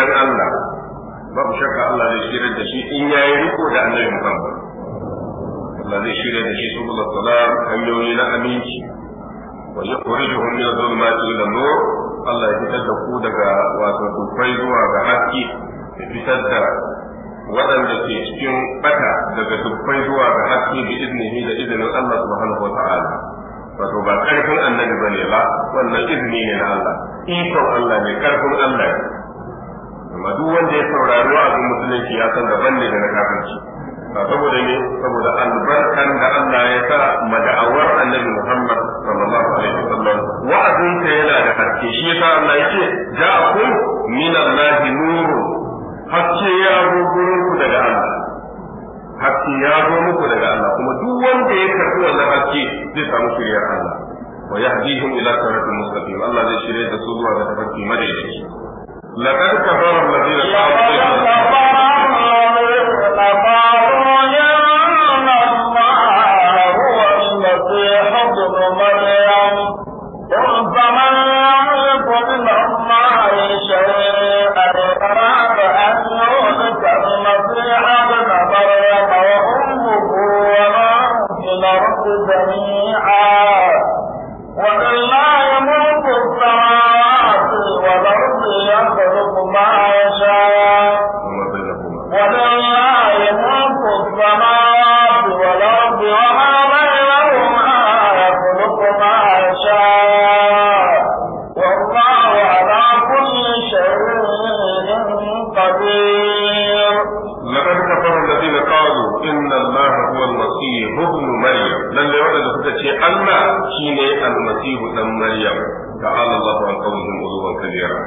dan Allah babu shakka Allah zai shirar da shi in yayi riko da annabi Muhammad Allah zai shirar da shi subul salam hanyoyi na aminci wa yukhrijuhum min adh-dhulumati ila nur Allah ya fitar da ku daga wato dufai zuwa ga haske ya fitar da waɗanda ke cikin bata daga dufai zuwa ga haske bi iznihi da izinin Allah subhanahu wa wato ba karfin annabi bane ba wannan izini ne na Allah ikon Allah ne karfin Allah ne amma duk wanda ya saurari wa'azin musulunci ya san daban ne da na kafirci ba saboda ne saboda albarkan da Allah ya sa mada'awar annabi Muhammad sallallahu alaihi wasallam wa'azin ta yana da haske shi yasa Allah yake ja'akum min Allah nuru haske ya zo ku daga Allah haske ya zo muku daga Allah kuma duk wanda ya karɓi wannan haske zai samu shiryar Allah wa yahdihim ila siratil mustaqim Allah zai shirye da su zuwa ga tafarki madaidaici لقد كفر الذين قالوا inna Allah huwa al-masih ibn maryam dan da wanda suka ce Allah shine al-masih dan maryam ta'ala Allah an qawlihim uluwan kabira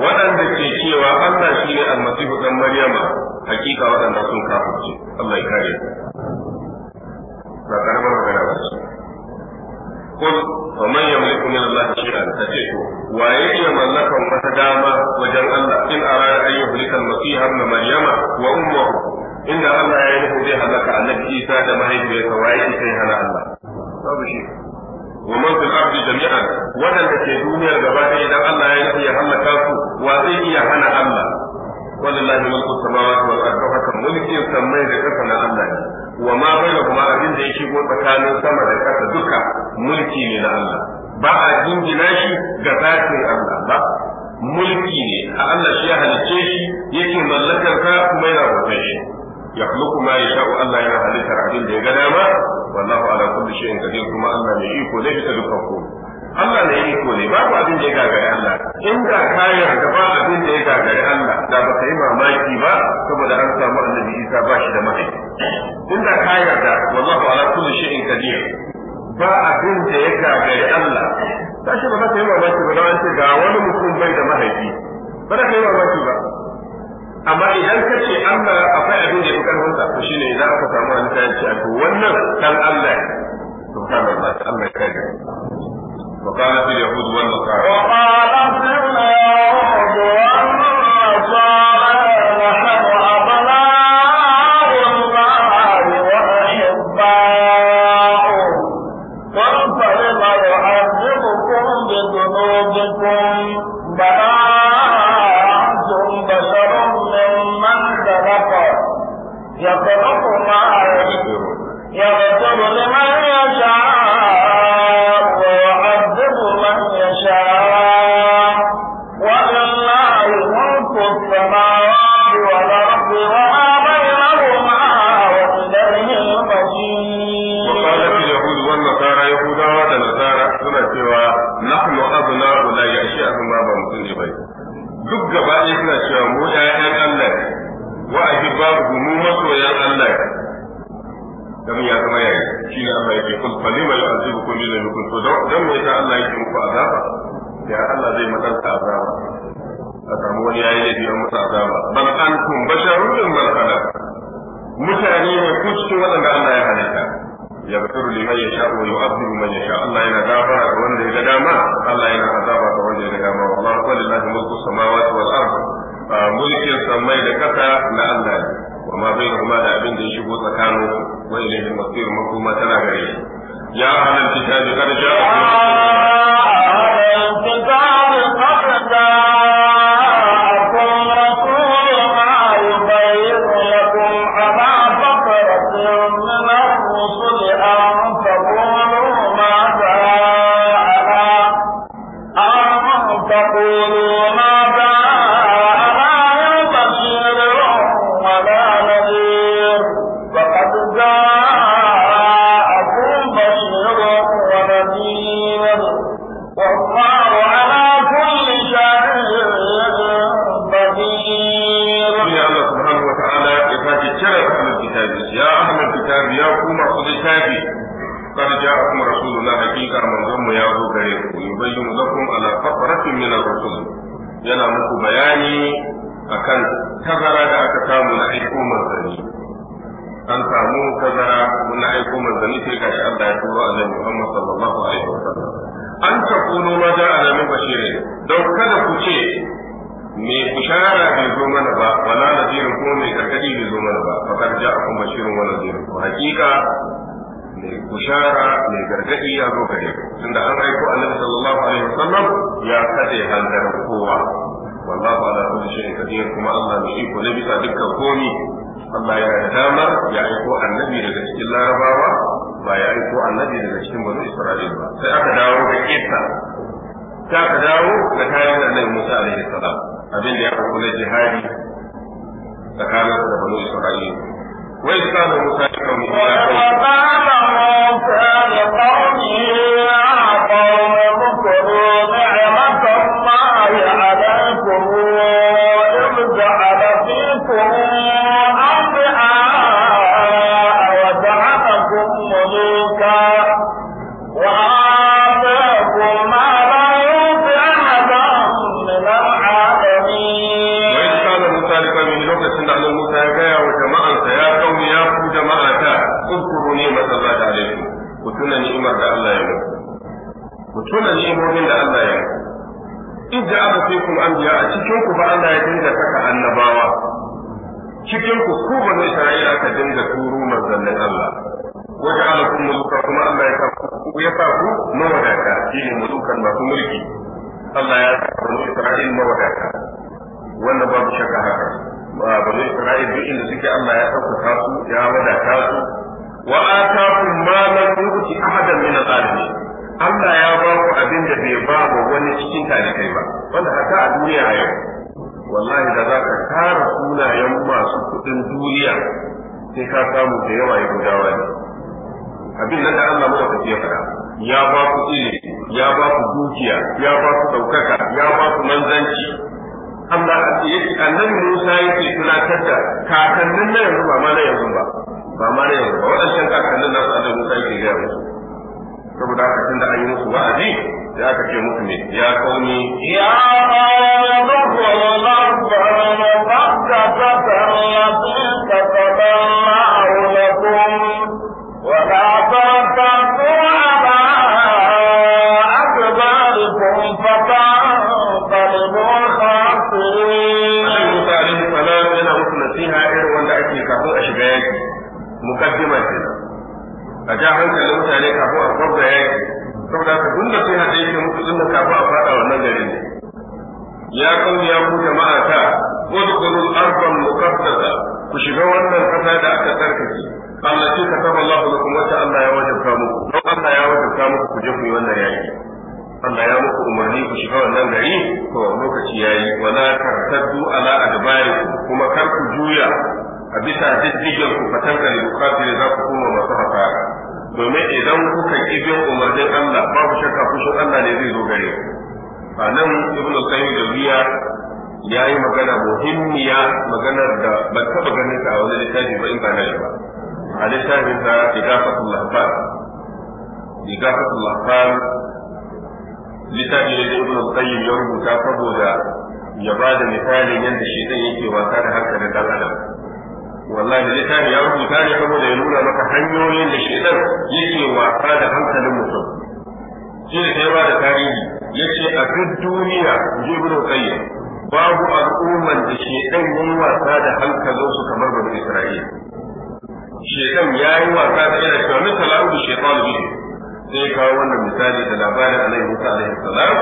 waɗanda ke cewa Allah shine al-masih dan maryama hakika waɗanda sun kafirce Allah ya kare ba karamar magana ba ce قل ومن يملك من الله شيئا تجد ويأتي من لكم فتدام وجل الله إن أراد أن يهلك المسيح ابن مريم وأمه inda Allah ya yi nufin zai halaka annabi Isa da mahaifiyarsa waye shi sai hana Allah babu shi wa man fil ardi jami'an wadanda ke duniyar gaba ɗaya idan Allah ya nufi ya halaka su wa zai iya hana Allah wallahi mulku samawati wal ardi haka mulkin samai da ƙasa na Allah ne wa ma kuma abin da ya shigo tsakanin sama da ƙasa duka mulki ne na Allah ba a jingina shi ga zatin Allah ba mulki ne a Allah shi ya halicce shi yake mallakar ka kuma yana rufe shi yakhluqu ma yasha'u Allah yana halitta abin da ya ga dama wallahu ala kulli shay'in qadir kuma Allah ne iko ne bisa dukkan komai Allah ne iko ne babu abin da ya gagare Allah in da ka yarda ba abin da ya gagare Allah da ba ka yi mamaki ba saboda an samu annabi Isa ba shi da mahaifi in da ka yarda wallahu ala kulli shay'in qadir ba abin da ya gagare Allah tashi ba za ka yi mamaki ba don an ce ga wani mutum bai da mahaifi ba za ka yi mamaki ba amma idan ka ce Allah akwai abin da ya fi karfin sa to shine za ka samu wani kayan ce to wannan dan Allah subhanallah Allah kare yaghfiru liman yasha wa yu'adhibu man yasha Allah yana gafara ga wanda ya ga dama Allah yana azaba ga wanda ya ga dama wallahi wallahi mulku samawati wal ard mulkin samai da kasa na Allah ne wa ma bainahuma da abin da ya shigo tsakanin wa ilayhi al-masir makoma tana gare ya ahlal kitabi qad ja'akum sai hanzarin kowa wallahu ala kulli shay'in qadir kuma Allah ne iko ne bisa dukkan komi Allah ya dama ya aiko annabi daga cikin larabawa ba ya aiko annabi daga cikin banu Isra'il ba sai aka dawo da kissa ta aka dawo da kayan annabi Musa alaihi salam abin da ya faru na jihadi tsakanin da banu Isra'il wai kana Musa ya kawo zalimi Allah ya ba ku abin da bai ba wa wani cikin talibai ba wanda haka a duniya a yau wallahi da za ka tara sunayen masu kuɗin duniya sai ka samu da yawa ya gudawa ne abin da Allah mu da ya fada. ya ba ku ilimi ya ba ku dukiya ya ba ku ɗaukaka ya ba ku manzanci Allah annabi Musa yake tunatar da kakannin na yanzu ba ma na yanzu ba ba ma na yanzu ba shan kakannin nasu annabi Musa yake gaya musu saboda haka tun da an yi musu wa'azi ya aka ce musu ne ya kauni ya kawo da kuma labarin makka ta tallafin ka ta bama aulakum wa la ta tattu ala akbarikum fa ta qalbu khasirin Musa alaihi salam yana musu nasiha irin wanda ake kafin a shiga yaki mukaddima ce a ja hankalin mutane kafin a kwabda yaki saboda ka tunda sai hada yake mutu tunda kafin a fada wannan gari ne ya kauni ya ku jama'a ta wadkhulul ardan muqaddasa ku shiga wannan kasa da aka tsarkake Allah ce ka saba Allah kuma ta Allah ya wajabta muku don Allah ya wajabta muku ku je ku yi wannan yaki Allah ya muku umarni ku shiga wannan gari to lokaci yayi wala tartaddu ala adbarikum kuma kar ku juya a bisa diddigen ku fatan kalibu kafire za ku koma masu hasara domin idan kuka ki bin umarnin Allah babu shakka fushin Allah ne zai zo gare ku a nan ibnu qayyim jawiya ya yi magana muhimmiya maganar da ban taɓa ganin ta a wani littafi ba in ba na ba a littafin ta igafatul lahfan igafatul lahfan littafi ne da ibnu qayyim ya rubuta saboda ya ba da misalin yadda shi ɗin yake wasa da hankalin ɗan adam wallahi littafi ya rubuta ne saboda ya nuna maka hanyoyin da shedan yake wasa da hankalin mutum shi ne sai ba da tarihi yace a duk duniya jibril qayyim babu al'ummar da shedan yayi wasa da hankalin su kamar bani isra'ila ya yi wasa da irin shi wani tala'u da shaytan bihi sai kawo wannan misali da labarin alaihi musa alaihi salam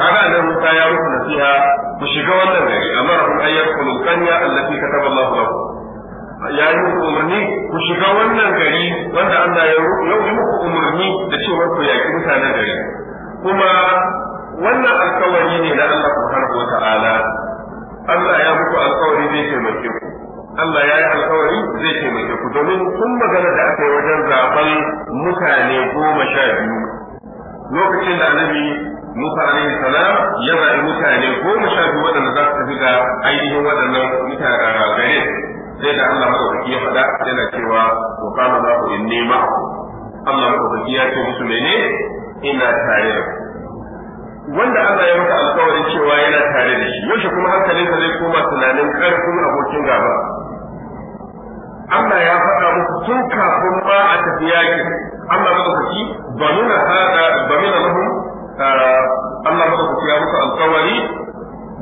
kaga annabi musa ya muku nasiha ku shiga wannan gari amma rabbul ayyukum alqanya allati kataba Allahu lakum ya yi muku umarni ku shiga wannan gari wanda Allah ya yi muku umarni da cewa ku yaki mutanen gari kuma wannan alkawari ne na Allah subhanahu wa ta'ala Allah ya muku alkawari zai taimake ku Allah ya yi alkawari zai taimake ku domin kun magana da aka yi wajen zaben mutane goma sha biyu lokacin da annabi Musa alaihi salam ya zaɓi mutane goma sha biyu zai da Allah madaukaki ya faɗa yana cewa wa qala ku inni ma'akum Allah madaukaki ya ce musu mene ina tare da wanda Allah ya maka alƙawarin cewa yana tare da shi yaushe kuma hankalinsa zai koma tunanin ƙarfin abokin gaba Allah ya faɗa muku tun kafin ba a tafi yakin Allah madaukaki ba nuna hada ba nuna lahum Allah madaukaki ya muku alƙawari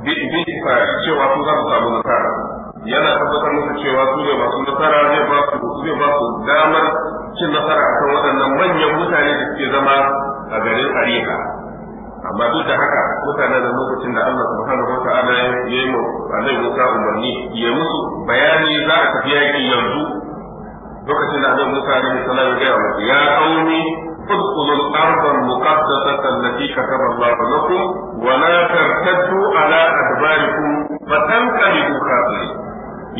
bi bi cewa su za su samu nasara yana tabbatar musu cewa su ne masu nasara zai ba su zai ba su damar cin nasara akan waɗannan manyan mutane da suke zama a garin Ariha amma duk da haka mutanen da lokacin da Allah subhanahu wata'ala ya yi mu annabi Musa umarni ya musu bayani za a tafi yaƙi yanzu lokacin da annabi Musa alaihi salam ya ga musu ya qaumi ادخلوا الأرض المقدسة التي كتب الله لكم ولا ترتدوا على أدباركم فتنقلبوا خاسرين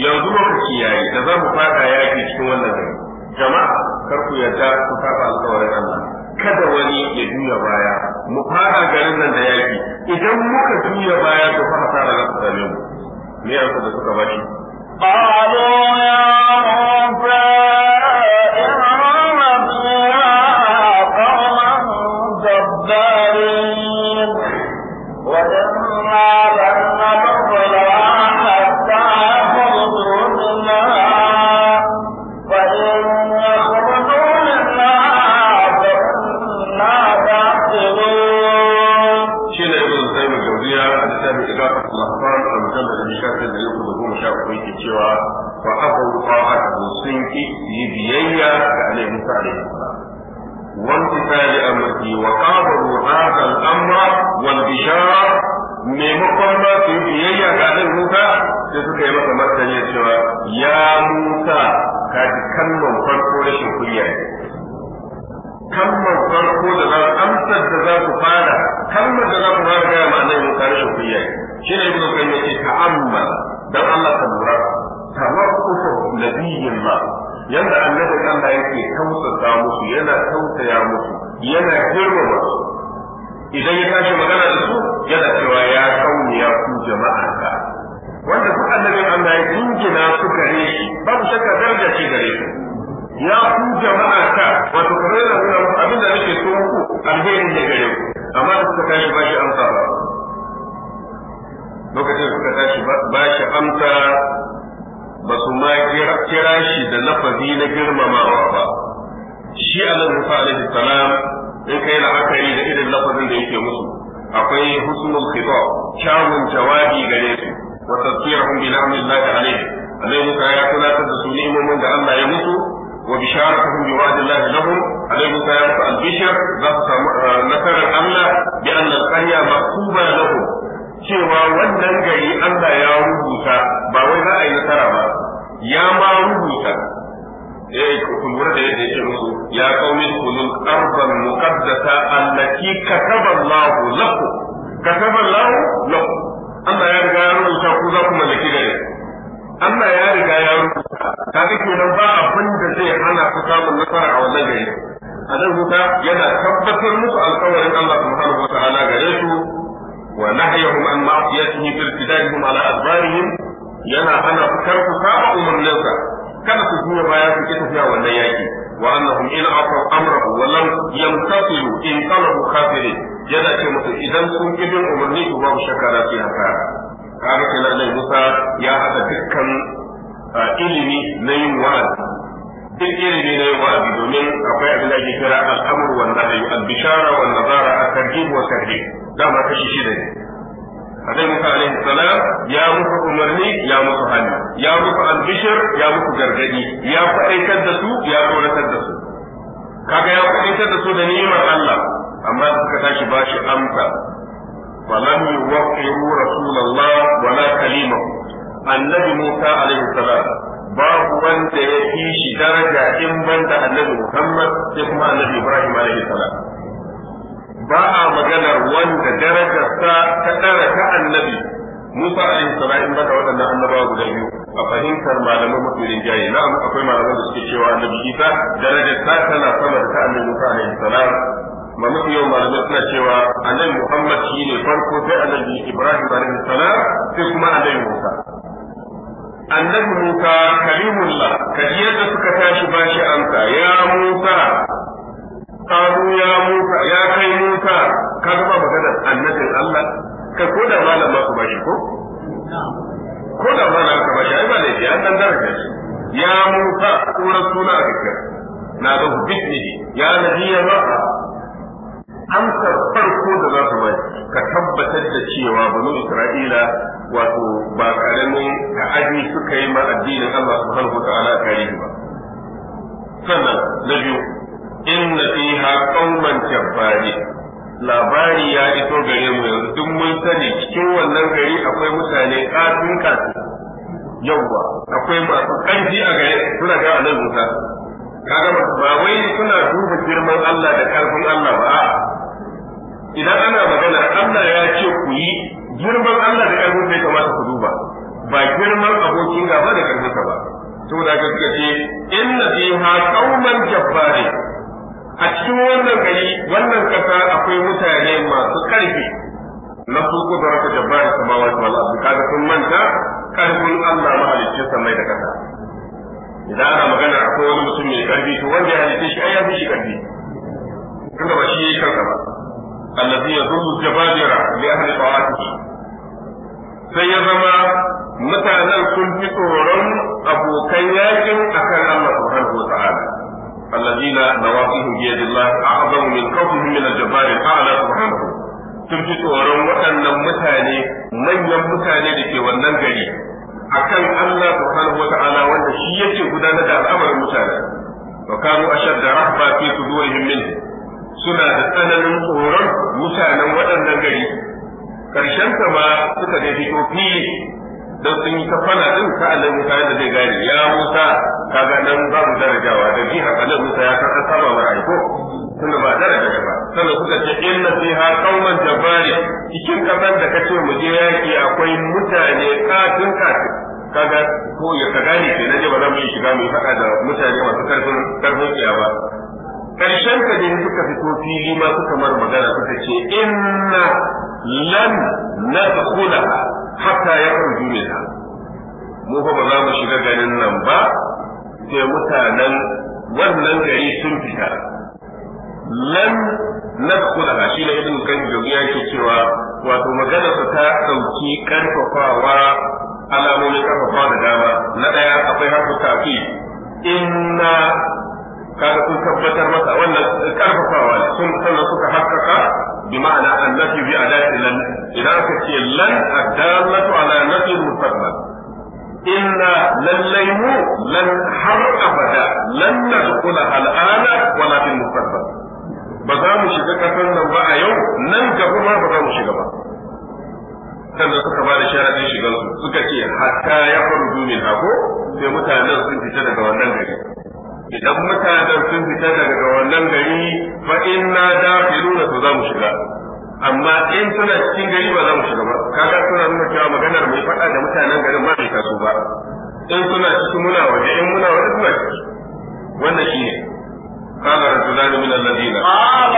yanzu lokaci yayi da za mu fada yaki cikin wannan gari jama'a kar ku yarda ku saba alƙawarin Allah kada wani ya juya baya mu fada garin nan da yaki idan muka juya baya to fara hasara za ta mu me yasa da suka bashi قالوا يا موسى هذا الأمر والبشارة maimakon ba su yi biyayya ga nan Musa sai suka yi masa martani cewa ya Musa ka ji kallon farko rashin kunya kalmar farko da za amsar da za ku fara kalmar da za ku fara gaya ma nan Musa rashin kunya shi ne ibnu kan yake ta'ammal dan Allah ta lura kusa da tawaqqufu nabiyillah yanda annabi Allah yake tausasa musu yana tausaya musu yana girmama su idan ya tashi magana da su yana cewa ya kauniya ku jama'a ka wanda duk annabin Allah ya jingina su gare shi babu shakka daraja ce gare su ya ku jama'a ka wato kamar yana nuna abin da nake so ku alheri ne gare ku amma da suka tashi ba shi amsa ba lokacin suka tashi ba shi amsa ba su ma kira shi da lafazi na girmamawa ba shi annabi Musa alaihi salam in kai la'akari da irin lafazin da yake musu akwai husnul khitab kyawun jawabi gare su wa tazkirahum bi ni'amillahi alayhi alai musa ya tunatar da su ni'imomin da Allah ya musu wa bisharatuhum bi wa'dillahi lahum alai musa ya musu albishir za su samu eh, nasarar Allah bi anna al-qarya maktuba lahum cewa wannan gari Allah ya rubuta ba wai za a yi nasara ba ya ma rubuta da ya ku lura da yadda yake musu ya qaumi kunul ardan muqaddasa allati kataba Allah lakum kataba Allah lakum Allah ya riga ya rubuta ku za ku mallaki gare Allah ya riga ya rubuta kaga kenan ba abin da zai hana ku samun nasara a wannan gari a nan huta yana tabbatar musu alƙawarin Allah subhanahu wa ta'ala wa nahyahum an yana hana ku ku saba umarninsa kada su juya baya ku ki tafiya wannan yaki wa annahum in asaw amrahu wa lam yamtasilu in qalabu kafirin yana ce musu idan sun ki bin umarni ku babu shakka da su haka kaga kenan nan Musa ya hada dukkan ilimi na yin wa'azi duk ilimi na yin wa'azi domin akwai abin da ake kira al'amur wa nahyi al-bishara wa nazara at-targhib wa tarhib dama kashi shida ne annabi Musa alaihi salam ya muku umarni ya muku hali ya muku albishir ya muku gargadi ya faɗaitar da su ya tsoratar da su kaga ya faɗaitar da su da ni'imar Allah amma suka tashi ba shi amsa falam yuwaqqiru rasulullah wala kalima annabi Musa alaihi salam ba wanda ya fi shi daraja in banda annabi Muhammad sai kuma annabi Ibrahim alaihi salam ba a maganar wanda darajarsa ta ɗara ta annabi Musa alaihi salam in baka waɗannan annabawa guda biyu a fahimtar malaman mutumin jayi amma akwai malaman da suke cewa annabi Isa darajarsa tana sama da ta annabi Musa alaihi salam ma mafi yau malaman suna cewa annabi Muhammad shi ne farko sai annabi Ibrahim alaihi salatu sai kuma annabi Musa annabi Musa kalimullah kaji yadda suka tashi bashi amsa ya Musa qalu ya musa ya kai musa ka ga maganar annabin Allah ka ko da malam ma ku bashi ko ko da malam ka bashi ai ba ne ya dan daraja shi ya musa ko rasula a dukkan na da hubbihi ya nabiyya ma amsar farko da za su bai ka tabbatar da cewa banu isra'ila wato ba karamin ta'adi suka yi ma addinin Allah subhanahu wa ta'ala tarihi ba sannan na biyu inna fiha qauman jabbari labari ya iso gare mu yanzu duk mun sani cikin wannan gari akwai mutane kafin kafin yawwa akwai masu ƙarfi a gare suna ga anan zuta kaga ba wai suna duba girman Allah da karfin Allah ba idan ana magana Allah ya ce ku yi girman Allah da karfin sai kamata ku duba ba girman abokin gaba da karfin ba saboda gaskiya ce inna fiha qauman jabbari a cikin wannan gari wannan kasa akwai mutane masu karfi na su kudura da sama wata wala su kaga sun manta karfin Allah mahaliccin samai da kasa idan ana magana akwai wani mutum mai karfi to wanda ya halice shi ayyafi shi karfi tunda ba shi yi kansa ba allazi yazullu jababira li ahli ta'atihi sai ya zama mutanen sun fi tsoron abokan yakin akan Allah subhanahu wa ta'ala الذين نواصيهم بيد الله أعظم من خوفهم من الجبار الأعلى سبحانه sun fi tsoron waɗannan mutane manyan mutane da ke wannan gari akan Allah subhanahu wata'ala wanda shi yake gudanar da al'amarin mutane wa kanu suna da tsananin tsoron mutanen waɗannan gari karshen ma suka da fito fiye. don sun yi kafana din ka annabi Musa yadda zai gane ya Musa kaga nan babu darajawa da bi haka nan Musa ya san saba wa aiko tunda ba daraja ba sannan kuka ce inna fiha qauman jabbari cikin kafan da kace mu je yaki akwai mutane kafin kafin? kaga ko ya ka gane ke naje ba za mu yi shiga mu faɗa da mutane masu karfin karfin iya ba karshen ka dai suka fito fili ma suka mar magana suka ce inna lan ya hatta yakhruju minha mu fa ba za mu shiga ganin nan ba sai mutanen wannan gari sun fita lan nadkhulaha shi ne ibn qayyim ya ke cewa wato magana ta ɗauki ƙarfafawa alamomin karfafa da dama na ɗaya akwai harfu tafi inna kaga sun tabbatar masa wannan ƙarfafawa sun sannan suka haskaka بمعنى النفي بأداة لن إذا كنت لن الدالة على نفي المستقبل إنا لليم لن حر أبدا لن ندخلها الآن ولا في المستقبل بزام شجكة نبع يوم ننجب ما بزام شجكة kan da suka bada sharadin shigar su suka ce hatta ya faru min hako sai mutanen sun fita daga wannan gari idan mutanen sun fita daga wannan gari fa inna dakhiluna to za mu shiga amma in suna cikin gari ba za mu shiga ba kaga suna nuna cewa maganar mai faɗa da mutanen garin ba bai taso ba in suna cikin muna waje in muna waje suna ciki wannan shine قال رجلان من الذين قال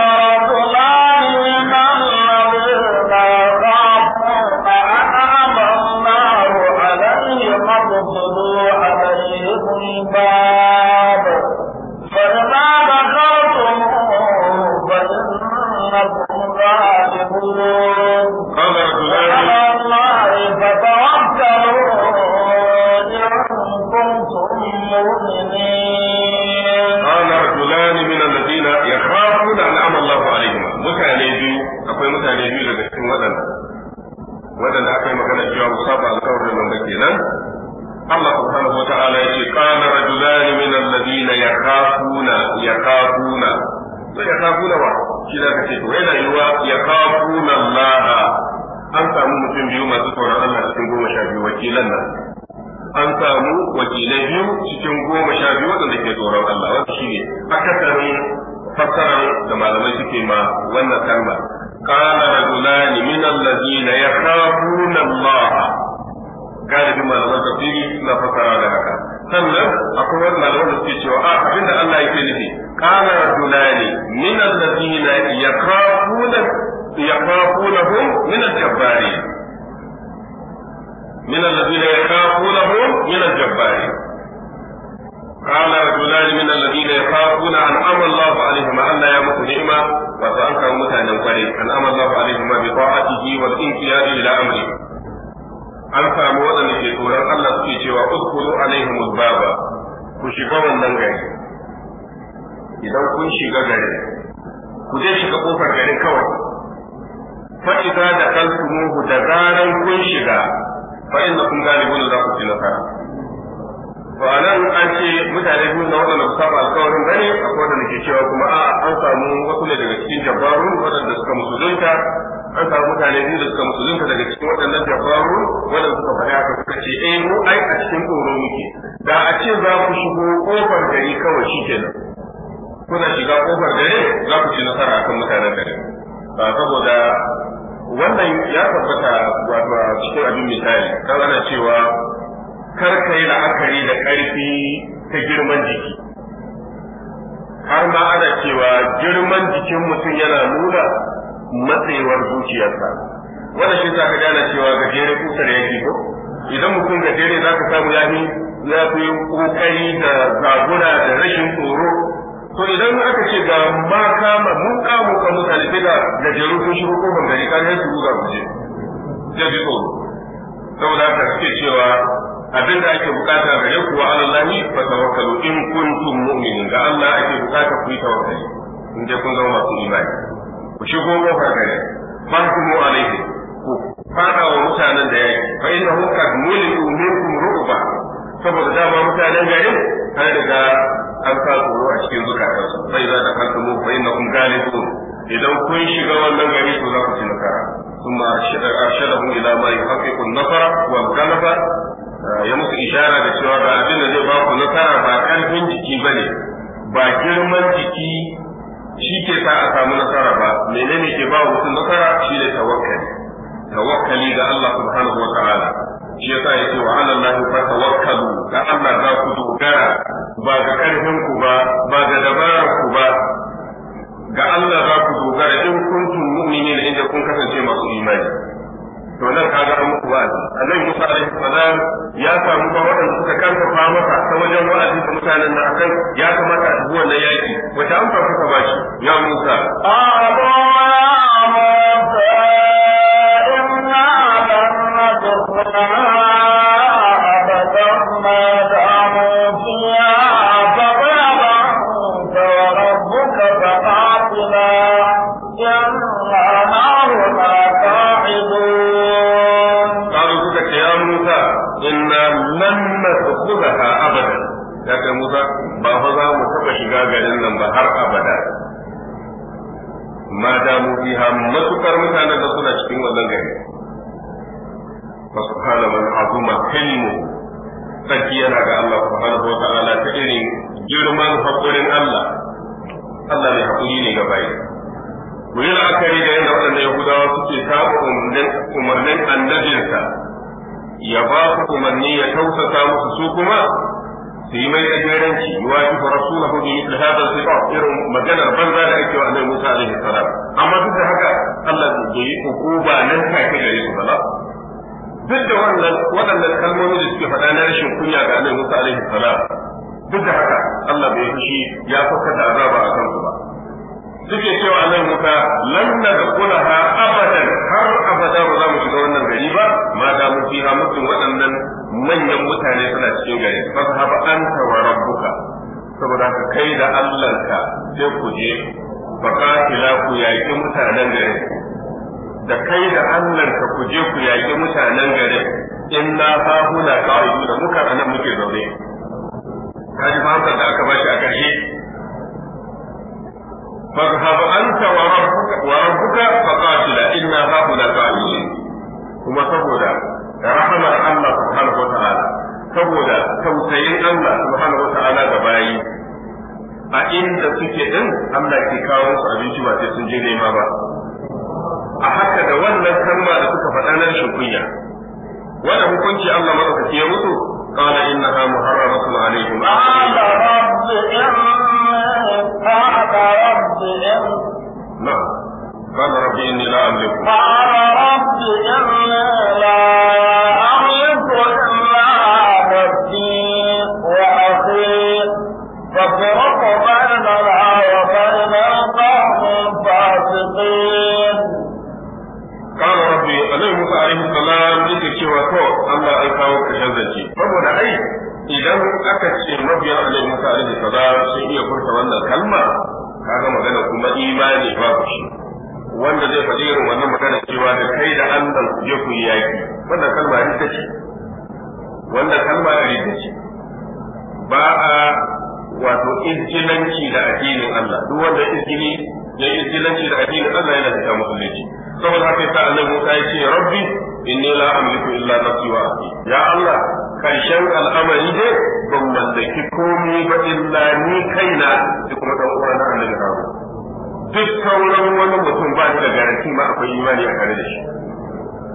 wanda ke tsoron Allah wanda shi ne akasarin fassarar da malamai suke ma wannan kalma qala rajulan min alladhina yakhafuna Allah galibin malaman tafsiri suna fassara da haka sannan akwai wani malaman da suke cewa a ah, abin da Allah yake nufi qala rajulan min alladhina yakhafuna yakhafunahum min al-jabbarin min alladhina yakhafunahum min al-jabbarin قال رجلان من الذين يخافون امر الله عليهما أن يا مسلمة وتأنكر متانا قريب امر الله عليهما بطاعته والانقياد الى امره an samu waɗanda ke tsoron Allah suke cewa uskuru alaihim baba ku shiga wannan gari idan kun shiga gari ku je shiga kofar gari kawai fa idza dakaltumuhu da zaran kun shiga fa innakum ghalibun za ku ci nasara Ba nan an ce mutane biyu na wadanda ba saba alkawarin bane akwai waɗanda ke cewa kuma a an samu wasu ne daga cikin jabaru waɗanda suka musulunta an samu mutane biyu da suka musulunta daga cikin waɗannan jabaru waɗanda suka faɗa haka suka ce eh mu ai a cikin tsoro muke da a ce za ku shigo ƙofar gari kawai shi nan. kuna shiga ƙofar gari za ku ci nasara akan mutanen gari saboda wannan ya tabbata wato a cikin abin misali kan ana cewa kar ka yi la'akari da ƙarfi ta girman jiki har ma ana cewa girman jikin mutum yana nuna matsayiwar zuciyarsa wannan shi za ka gane cewa gajere da yake ko idan mutum gajere za ka samu ya ya fi kokari da zaguna da rashin tsoro to idan aka ce ga ma kama muka muka mutane sai da gajeru sun shigo kofar gari kan yanzu zuwa guje da bi saboda haka suke cewa abin da ake bukata gare ku wa alallahi fa tawakkalu in kuntum mu'minin ga Allah ake bukata ku yi tawakkali in dai kun zama masu imani ku shigo kofa gare fankumu alaihi ku fara wa mutanen da yake fa innahu qad muliku minkum ru'ba saboda ba mutanen garin an daga an sa tsoro a cikin su sai za ta fankumu fa innakum galibun idan kun shiga wannan gari to za ku ci nasara ثم أرشدهم إلى ما يحقق النصر والغلبة ya musu ishara da cewa ga abin da zai ba ku nasara ba karfin jiki ba ne ba girman jiki shi ke sa a samu nasara ba menene ke ba mutum nasara shi ne tawakkali tawakkali ga Allah subhanahu wa ta'ala shi yasa yake wa ala Allah fa tawakkalu ga Allah za ku dogara ba ga karfin ku ba ba ga dabarar ku ba ga Allah za ku dogara in kuntum mu'minin inda kun kasance masu imani to nan kaga an muku wa'azi annabi Musa alaihi salam ya samu ba waɗanda suka karfafa masa ta wajen wa'azi da mutanen nan akan ya kamata a duba wannan yaki wace amsa kuka ba shi ya Musa a ya Musa inna lan nadhra ma damu fiha matukar mutanen da suna cikin wannan gari fa subhana man azuma hilmu sarki yana ga Allah subhanahu wa ta'ala ta irin girman hakurin Allah Allah mai hakuri ne ga bayi ku yi la'akari da yadda waɗanda yahudawa suke saba umarnin annabinsa ya ba umarni ya tausasa musu su kuma su yi mai tsageranci yi wajen ku rasulahu bi misli hadha sifat irin maganar banza da ake wa annabi Musa alaihi salam amma duk da haka Allah zai yi hukuma nan take gare su bala duk da wannan waɗannan kalmomi da suke faɗa na rashin kunya ga annabi Musa alaihi salam duk da haka Allah fushi ya fuka azaba a ba suke cewa annabi Musa lan nadkhulaha abadan har abada ba za mu shiga wannan gari ba ma da mu fiha mutum waɗannan manyan mutane suna cikin gari su haɓa an tawarar buka saboda ka kai da allanka sai ku je fa qatila ku yaƙi mutanen gari da kai da allanka ku je ku yaƙi mutanen gari inna fa huna qa'iduna muka anan muke zaune kaji fa da aka bashi a ƙarshe فاذهب أنت وربك, وربك فقاتلا إنا هاهنا قاعدون kuma saboda rahamar Allah subhanahu wataala saboda tausayin Allah subhanahu wataala ga bayi a inda suke din Allah ke kawo su abinci ba sai sun je nema ba a haka da wannan kalma da suka faɗa nan shukunya wannan hukunci Allah madaukaki ya mutu قال إنها محرمة عليكم قال رب إني نعم قال رب إني لا أملك قال رب إني لا to Allah ai kawo kashin zance saboda ai idan aka ce mabiyan Allah Musa alaihi salam sun iya furta wannan kalma kaga magana kuma imani ku shi wanda zai faɗi irin wannan magana cewa da kai da Allah ku je ku yi yaki wannan kalma ita ce wanda kalma ita ce ba a wato izgilanci da addinin Allah duk wanda izgili ya izgilanci da addinin Allah yana da musulunci saboda haka sai Allah Musa ya ce rabbi inni la amliku illa nafsi wa akhi ya Allah karshen al'amari ne ban mallaki komai ba illa ni kaina da kuma dan uwana annabi Harun duk sauran wani mutum ba shi da garanti ma akwai imani a kare da shi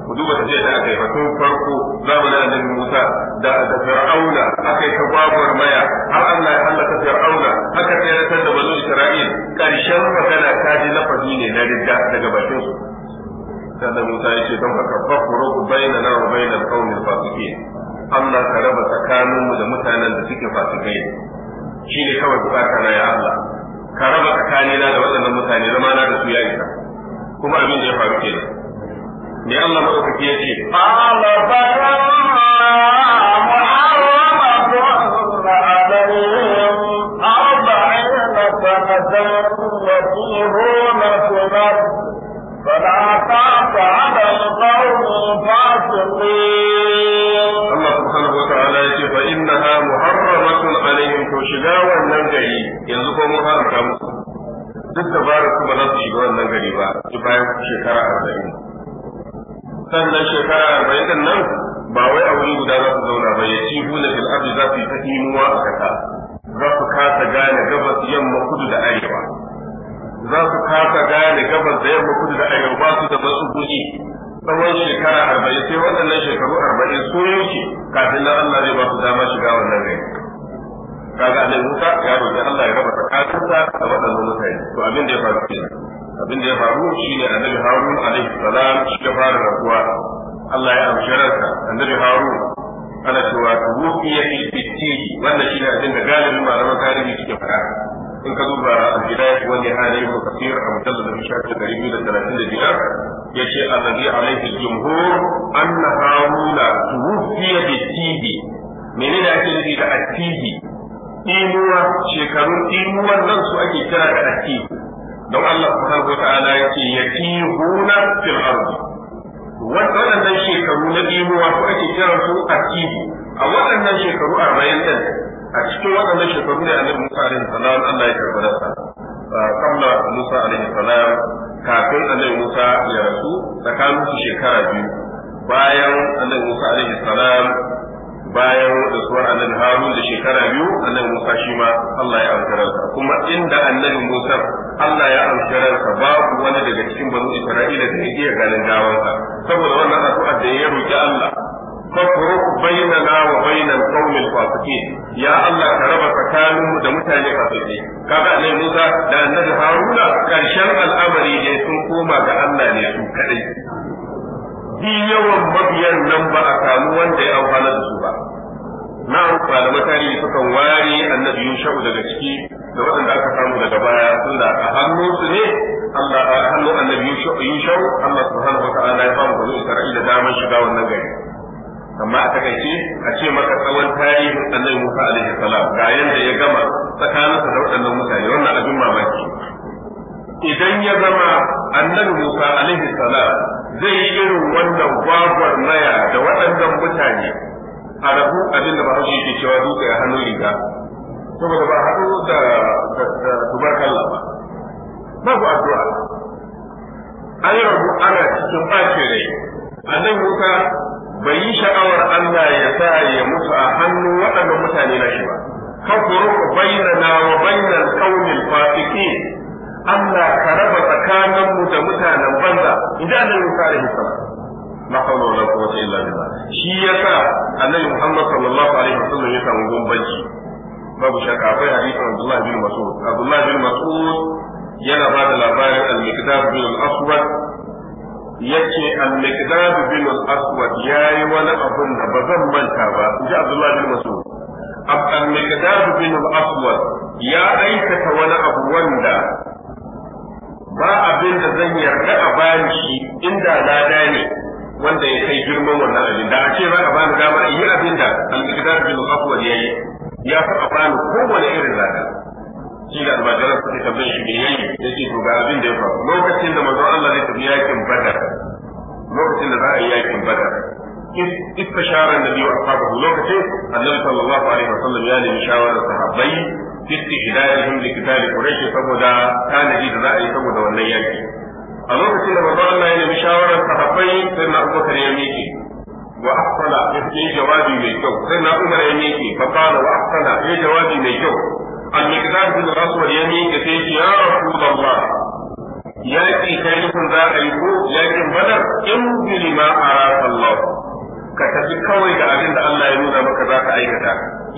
ku duba ta ce da aka yi fatun farko zamanin annabi Musa da da Fir'auna akai yi ta babuwar maya har Allah ya hallaka Fir'auna aka tsayar da bazu Isra'il karshen magana ta ji lafazi ne na ridda daga bakin su kada Musa ya ce don haka fakuru ku bayyana na wa bayyana kaunin fasike Allah ka raba tsakaninmu da mutanen da suke fasike. shi ne kawai bukata na ya Allah ka raba tsakanina da waɗannan mutane zama na da su ya isa kuma abin da ya faru ke ne Allah maɗaukaki ya ce Allah ba عليهم أربعين سنة وفيهم فاسقين الله سبحانه وتعالى يقول فإنها محرمة عليهم to shiga wannan gari yanzu ko mun musu duk kuma za su shiga wannan gari ba su bayan shekara arba'in sannan shekara arba'in din nan ba wai a wuri guda za su zauna ba ya ci hula fil za su yi ta imuwa a kasa za su kasa gane gabas yamma kudu da arewa za su kasa gane gabas da yamma kudu da arewa ba su da masu tsawon shekara arba'in sai waɗannan shekaru arba'in su yanke kafin nan Allah zai ba su dama shiga wannan rai kaga annabi Musa ya roƙi Allah ya raba tsakaninsa da waɗannan mutane to abin da ya faru kenan abin da ya faru shine annabi Harun alaihi salam shi ya fara rabuwa Allah ya amshi ransa annabi Harun ana cewa rufiya fi fitiri wannan shine abin da galibin malaman tarihi suke faɗa in ka duba al-bidayah wa nihayah wa kathir a mujallad 1235 yace allazi alaihi jumhur anna haruna tuwfiya bi tibi menene ake nufi da atibi inuwa shekarun inuwan nan su ake kira da atibi don Allah subhanahu wata'ala yace yatihuna waɗannan shekaru na inuwa su ake kira su atibi a waɗannan shekaru arba'in ɗin a cikin waɗannan shekaru ne annabi Musa alaihi salam Allah ya karɓi nasa kamla Musa alaihi salam kafin annabi Musa ya rasu tsakanin su shekara biyu bayan annabi Musa alaihi salam bayan rasuwar annabi Harun da shekara biyu annabi Musa shi ma Allah ya amkararsa kuma inda annabi Musa Allah ya amkararsa babu wani daga cikin banu Isra'ila da ya iya ganin gawansa saboda wannan addu'ar da ya roki Allah fafruq bainana wa bainal qawmil fasiqin ya Allah ka raba tsakanin mu da mutane kafirci kaga ne Musa da annabi Haruna karshen al'amari ne sun koma ga Allah ne su kadai bi yawan mabiyan nan ba a samu wanda ya amfana da su ba na malaman tarihi sukan ware annabi Yusha'u daga ciki da waɗanda aka samu daga baya suna a su ne Allah a hannun annabi Yusha'u Allah subhanahu wa ta'ala ya ba mu Isra'ila damar shiga wannan gari amma a takaice a ce maka tsawon tarihin annabi Musa alaihi salam ga yanda ya gama tsakaninsa da waɗannan mutane wannan abin mamaki idan ya zama annabi Musa alaihi salam zai yi irin wannan gwagwar maya da waɗannan mutane a rabu abin da ba shi ke cewa duka ya hannu riga saboda ba haɗu da tubarkalla ba babu addu'a an rabu ana cikin ɓacin rai annabi Musa bai yi sha'awar Allah ya sa ya mutu a hannun waɗannan mutane na shi ba fakuru bainana wa bainal qaumil fasiqin Allah ka raba tsakaninmu da mutanen banza idan Allah ya kare hisaba la hawla kuma quwwata illa billah shi ya sa annabi Muhammad sallallahu alaihi wasallam ya samu gumbanci babu shakka akwai hadisin Abdullah bin Mas'ud Abdullah bin Mas'ud yana ba da labarin al-Miqdad bin al-Aswad yace al-miqdad bin al-aswad yayi wani abun da ba zan manta ba inji abdullahi bin mas'ud al-miqdad bin al-aswad ya aikata wani abu wanda ba abin da zan yarda a bani shi inda na dane wanda ya kai girman wannan abin da a ce ba a bani damar yi abin da al-miqdad bin al-aswad yayi ya fi a bani kowane irin lada shi da almajiran suke tambaye shi ne yayi ya ce to ga abin da ya faru lokacin da manzon Allah zai tafi yakin badar lokacin da za a yi yakin badar istisharar da biyu a ashabahu lokacin annabi sallallahu alaihi wa sallam, ya nemi shawarar sahabbai fi istihdarihim li qital quraish saboda tanadi da za a yi saboda wannan yaki a lokacin da manzon Allah ya nemi shawarar sahabbai sai na Abubakar ya miƙe wa ahsana ya jawabi mai kyau sai na Umar ya miƙe fa qala wa ahsana ya jawabi mai kyau al-miqdad bin al-aswad ya miƙe sai ya rasulullah yaki kai nufin za a yi ko yakin badar in biri ma araka Allah ka tafi kawai ga abin da Allah ya nuna maka za ka aikata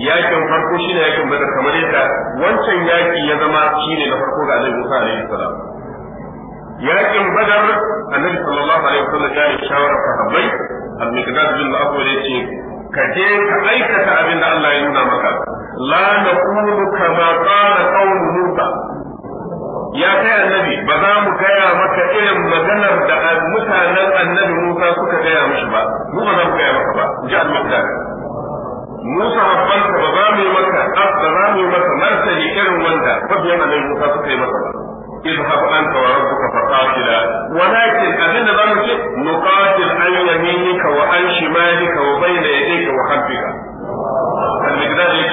yakin farko shine yakin badar kamar yadda wancan yaki ya zama shine na farko ga Annabi Musa alaihi salam yakin badar Annabi sallallahu alaihi wasallam ya yi shawara sahabbai ya ce kaje ka aikata abinda Allah ya nuna maka la naqulu kama qala qawlu Musa ya kai annabi ba za mu gaya maka irin maganar da mutanen annabi Musa suka gaya mishi ba mu ba za mu gaya maka ba ji al-Muqtar Musa rabbanka ba za maka ba za irin wanda Musa maka ba اذهب أنت وربك فقاتلا ولكن أذن ذلك نقاتل عن يمينك وعن شمالك وبين يديك وخلفك ya ce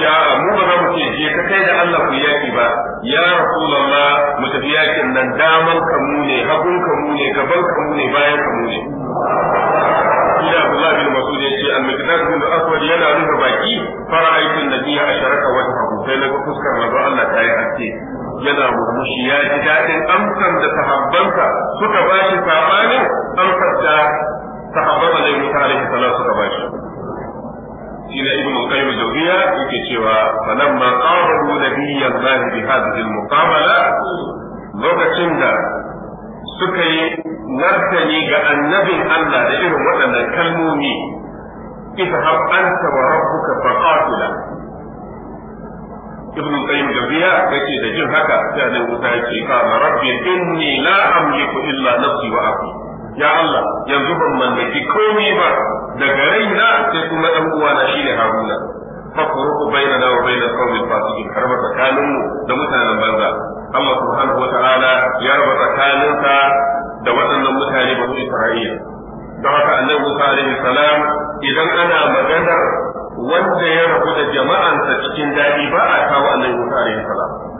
a mu ba za mu ce je ka kai da Allah ku yaki ba ya rasulullah mu tafi yakin nan daman ka mu ne hagun ka mu ne gaban ka mu ne bayan ka mu ne Ina Abdullah bin Mas'ud yace al-miqdad bin aswad yana rufe baki fara'aytu a nabiyya asharaka wa sai na ga fuskar manzo Allah ta yi haske yana murmushi ya ji daɗin amsar da sahabbanka suka bashi sabanin amsar da sahabban da Musa alaihi salatu suka bashi shine ibnu qayyim jawziya yake cewa falamma qabalu nabiyyan lahi bi hadhihi al-muqabala lokacin da suka yi martani ga annabin Allah da irin waɗannan kalmomi اذهب أنت وربك فقاتلا ابن القيم جزية يكي دجل هكا يعني وتأتي قال ربي إني لا أملك إلا نفسي وأخي ya Allah yanzu ban mallaki komai ba daga raina sai kuma dan uwana shine Haruna ففرق بيننا وبين القوم الفاسقين حرب تكالم ده متانا بنزا الله سبحانه وتعالى يا رب تكالمك ده وطن متاني بنو إسرائيل ده haka annabi Musa alaihi salam idan ana maganar wanda ya rabu da jama'ansa cikin dadi ba a kawo annabi Musa alaihi salam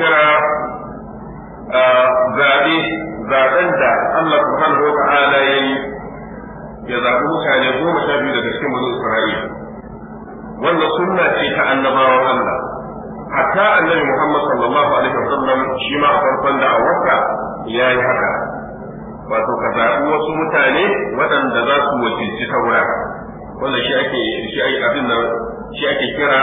kira zaɓe zaɓen da Allah subhanahu wa ta'ala ya yi ya zaɓi mutane goma sha biyu daga cikin bani Isra'ila wanda sunna ce ta annabawa Allah hatta annabi Muhammad sallallahu alaihi wa sallam shi ma a farkon da'awarsa ya yi haka wato ka zaɓi wasu mutane waɗanda za su wakilci saura wanda shi ake shi ake abin nan shi ake kira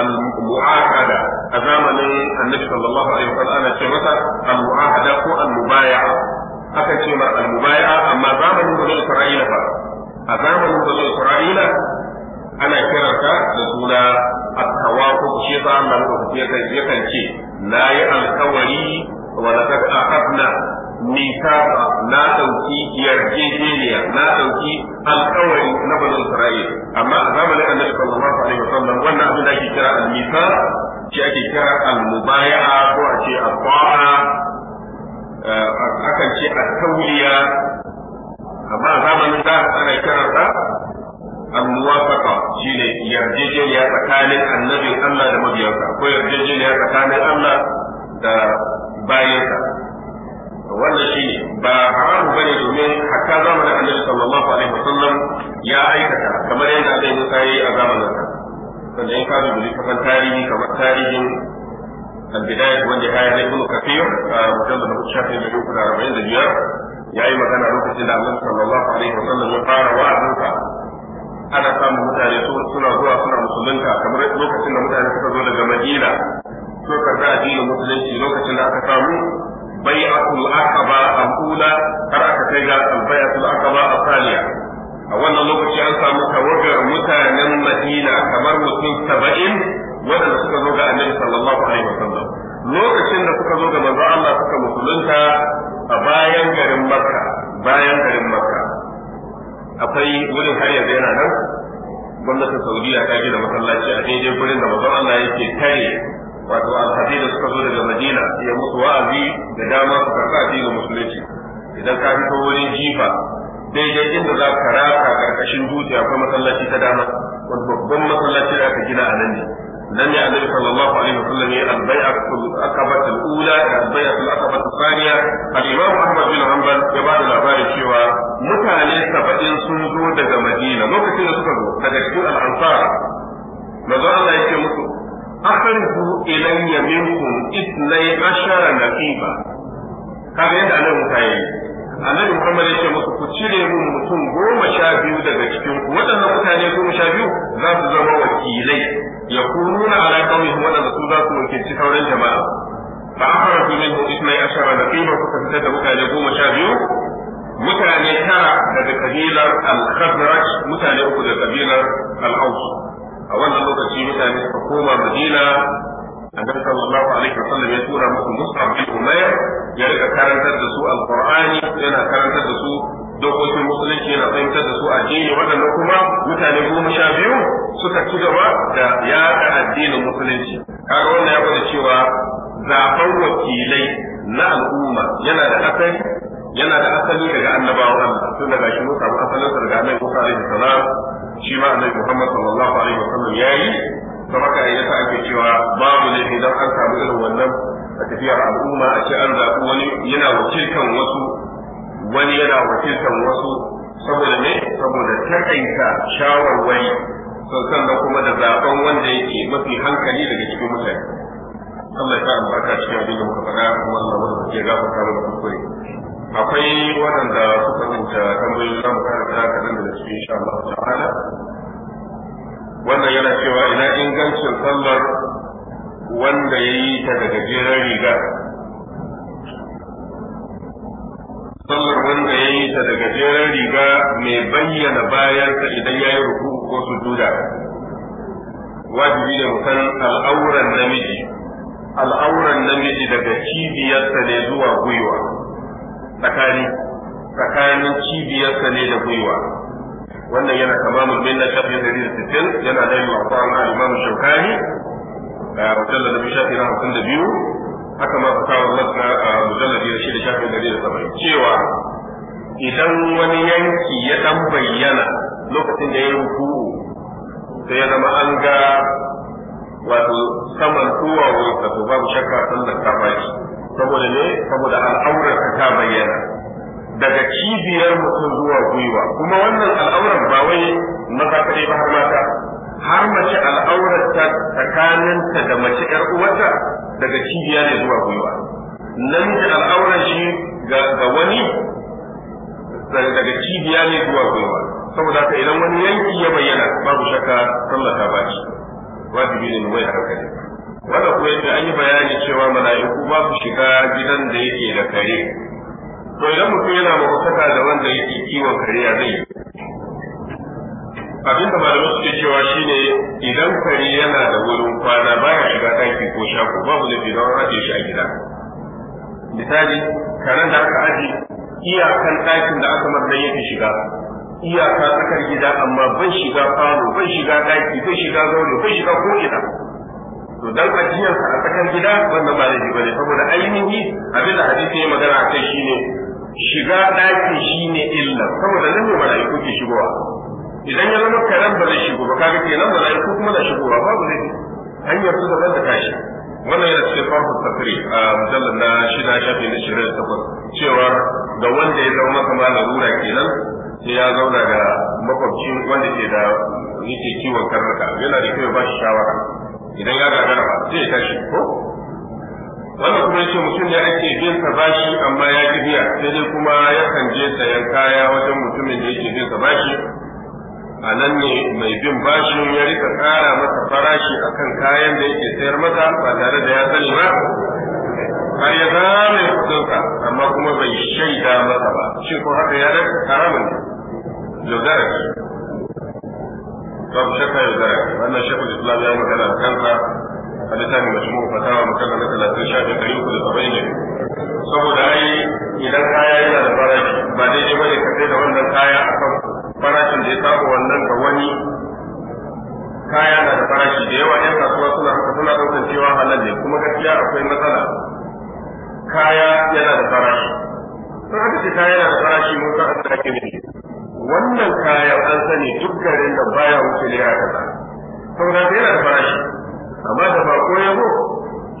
al-mu'aqada a zamanin annabi sallallahu alaihi wa sallam ana ce masa al-mu'ahada ko al-mubaya'a akan ce mar al-mubaya'a amma zamanin bani Isra'ila ba a zamanin bani Isra'ila ana kiranta da suna at-tawaqu shi yasa Allah madaukaki yakan ce na yi alkawari wa laqad akhadna mithaqa na dauki yarjejeniya na dauki alkawari na bani Isra'ila amma a zamanin annabi sallallahu alaihi wa sallam wannan abin da ake kira al-mithaq shi ake kira al-mubaya'a ko a ce al-qa'a eh, akan ce al-tawliya amma a zamanin da ana kiran sa al-muwafaqa shine yarjejeniya tsakanin annabin Allah da mabiyansa ko yarjejeniya tsakanin Allah da bayansa wannan shi ba haramu bane domin hatta zamanin annabi sallallahu alaihi wasallam ya aikata kamar yadda Allah ya yi a zamanin sa sannan ya ka dubi littafin tarihi kamar tarihin albidaya wanda ya na kuma kafir a mujallar da shafin da yuku da arba'in da biyar ya yi magana lokacin da annabi sallallahu alaihi sallam ya fara wa'azinsa ana samun mutane suna zuwa suna musulunta kamar lokacin da mutane suka zo daga madina suka karɓi addinin musulunci lokacin da aka samu Bai bai'atul aqaba a hula, har aka kai ga al-bai'atul aqaba al-thaniya a wannan lokaci an samu tawagar mutanen madina kamar mutum saba'in waɗanda suka zo ga annabi sallallahu alaihi wasallam lokacin da suka zo ga manzo Allah suka musulunta a bayan garin makka bayan garin makka akwai wurin har yanzu yana nan gwamnatin saudiya ta gina masallaci a daidai gurin da manzo Allah yake kare wato alhaji da suka zo daga madina ya musu wa'azi da dama su karɓa addinin musulunci idan ka fito wurin jifa daidai inda za ka raka karkashin dutse akwai masallaci ta dama babban masallaci da aka gina a nan ne nan ne annabi sallallahu alaihi wasallam ya albai'atul aqabah al-ula da albai'atul aqabah al tsariya. al-imam ahmad bin hanbal ya ba da labarin cewa mutane 70 sun zo daga madina lokacin da suka zo daga cikin al-ansar manzo Allah yake musu akhriju ilayya minkum ithnai ashara naqiba kaga yadda annabi yi. annabi Muhammad yake musu ku cire mun mutum goma sha biyu daga cikin ku waɗannan mutane goma sha biyu za su zama wakilai ya kununa ala qaumihim waɗanda su za su wakilci sauran jama'a fa akhara fi minhu ismai ashara naqiba kuka fitar da mutane goma sha biyu mutane tara daga kabilar al-khazraj mutane uku daga kabilar al-aus a wannan lokaci mutane suka koma madina annabi sallallahu alaihi wasallam ya tura musu mus'ab bin umair ya rika karantar da su alqur'ani yana karantar da su dokokin musulunci yana fahimtar da su addini waɗannan kuma mutane goma sha biyu suka ci gaba da yaɗa addinin musulunci kaga wannan ya gwada cewa zaɓen wakilai na al'umma yana da asali yana da asali daga annabawan Allah tun daga shi mun samu asalin sa daga annabi Musa alaihi salam shi ma annabi Muhammad sallallahu alaihi wasallam yayi saboda haka yasa ake cewa babu laifi dan an samu irin wannan a tafiyar al'umma a ce an zaɓi wani yana wakilkan wasu wani yana wakilkan wasu saboda ne saboda taƙaita shawarwari sannan kuma da zaɓen wanda yake mafi hankali daga cikin mutane Allah ya albarka cikin abin da muka faɗa kuma Allah wanda ke gafarta da kuskure akwai waɗanda suka rubuta tambayoyi za mu karanta kaɗan daga cikin insha Allah ta'ala wannan yana cewa ina ingancin sallar wanda ya yi ta daga jerar rigar sallar wanda ya yi ta daga jerar riga mai bayyana bayansa idan ya yi ruku ko sujuda wajibi ne mu san al'auran namiji al'auran namiji daga cibiyarsa ne zuwa gwiwa tsakani tsakanin cibiyarsa ne da gwiwa wannan yana mulmin minna shafi 160 yana da yi wa ta'ala shaukani a mujalla na shafi na hamsin da biyu haka ma fita wa lasna a mujalla da shi da shafi gari da saba'in cewa idan wani yanki ya dan bayyana lokacin da ya yi ruku'u sai ya zama an ga wato saman tuwawo ka to babu shakka sallar ta baki saboda ne saboda al'aurar ka ta bayyana daga cibiyar mutum zuwa gwiwa kuma wannan al'auran ba wai maza kaɗai ba har mata har mace al'aurarta tsakaninta da mace ‘yar uwarta daga cibiya ne zuwa gwiwa namiji al'aurar shi ga wani daga cibiya ne zuwa gwiwa saboda haka idan wani yanki ya bayyana babu shakka sallata ba ci wajibi ne mai hankali wanda ko yadda an yi bayani cewa mala'iku ba su shiga gidan da yake da kare to idan mutum yana makwataka da wanda yake kiwon kare zai abin da malamai suke cewa shine idan kare yana da wurin kwana baya shiga ɗaki ko shago babu da don ajiye shi a gida misali karen da aka aji iyakan ɗakin da aka mara yake shiga iyaka tsakar gida amma ban shiga falo ban shiga ɗaki ban shiga zaune ban shiga ko ina to dan ajiyarsa a tsakar gida wannan ba laifi bane saboda ainihi abin da hadisi ya magana akai shine shiga ɗaki shine illa saboda nan ne mala'iku ke shigowa idan ya zama karen ba zai shigo ba kaga kenan ba zai kuma na ba babu zai hanyar su daban da kashi wannan yana cikin farkon tafiri a mujallar na shida shafi na shirin takwas cewa da wanda ya zama kama rura kenan sai ya zauna ga makwabci wanda ke da yake kiwon karnuka yana da kai ba shi shawara idan ya gagara ba sai ya tashi ko wannan kuma ce mutum ne ake bin sa bashi amma ya ki biya sai dai kuma yakan je sayan kaya wajen mutumin da yake bin sa bashi a nan ne mai bin bashin ya rika ƙara masa farashi akan kayan da yake sayar masa ba tare da ya sani ba har ya zame kudinsa amma kuma bai shaida masa ba shin ko haka ya rika karamin ne yaudara ce babu shakka yaudara ce wannan da islam ya magana a kansa a littafin majmu'u fatawa mutalla na talatin shafin ɗari uku da saba'in ne saboda ai idan kaya yana da farashi ba daidai bane ka sai da wannan kaya a kanku farashin da ya saba wannan ga wani kaya na da farashi da yawa ɗan kasuwa suna haka suna ɗaukar cewa halal ne kuma gaskiya akwai matsala kaya yana da farashi sun haka ce kaya yana da farashi mun san abin ke ake nufi wannan kaya an sani duk garin da baya wuce ne a kaza saboda yana da farashi amma da ba ko ya zo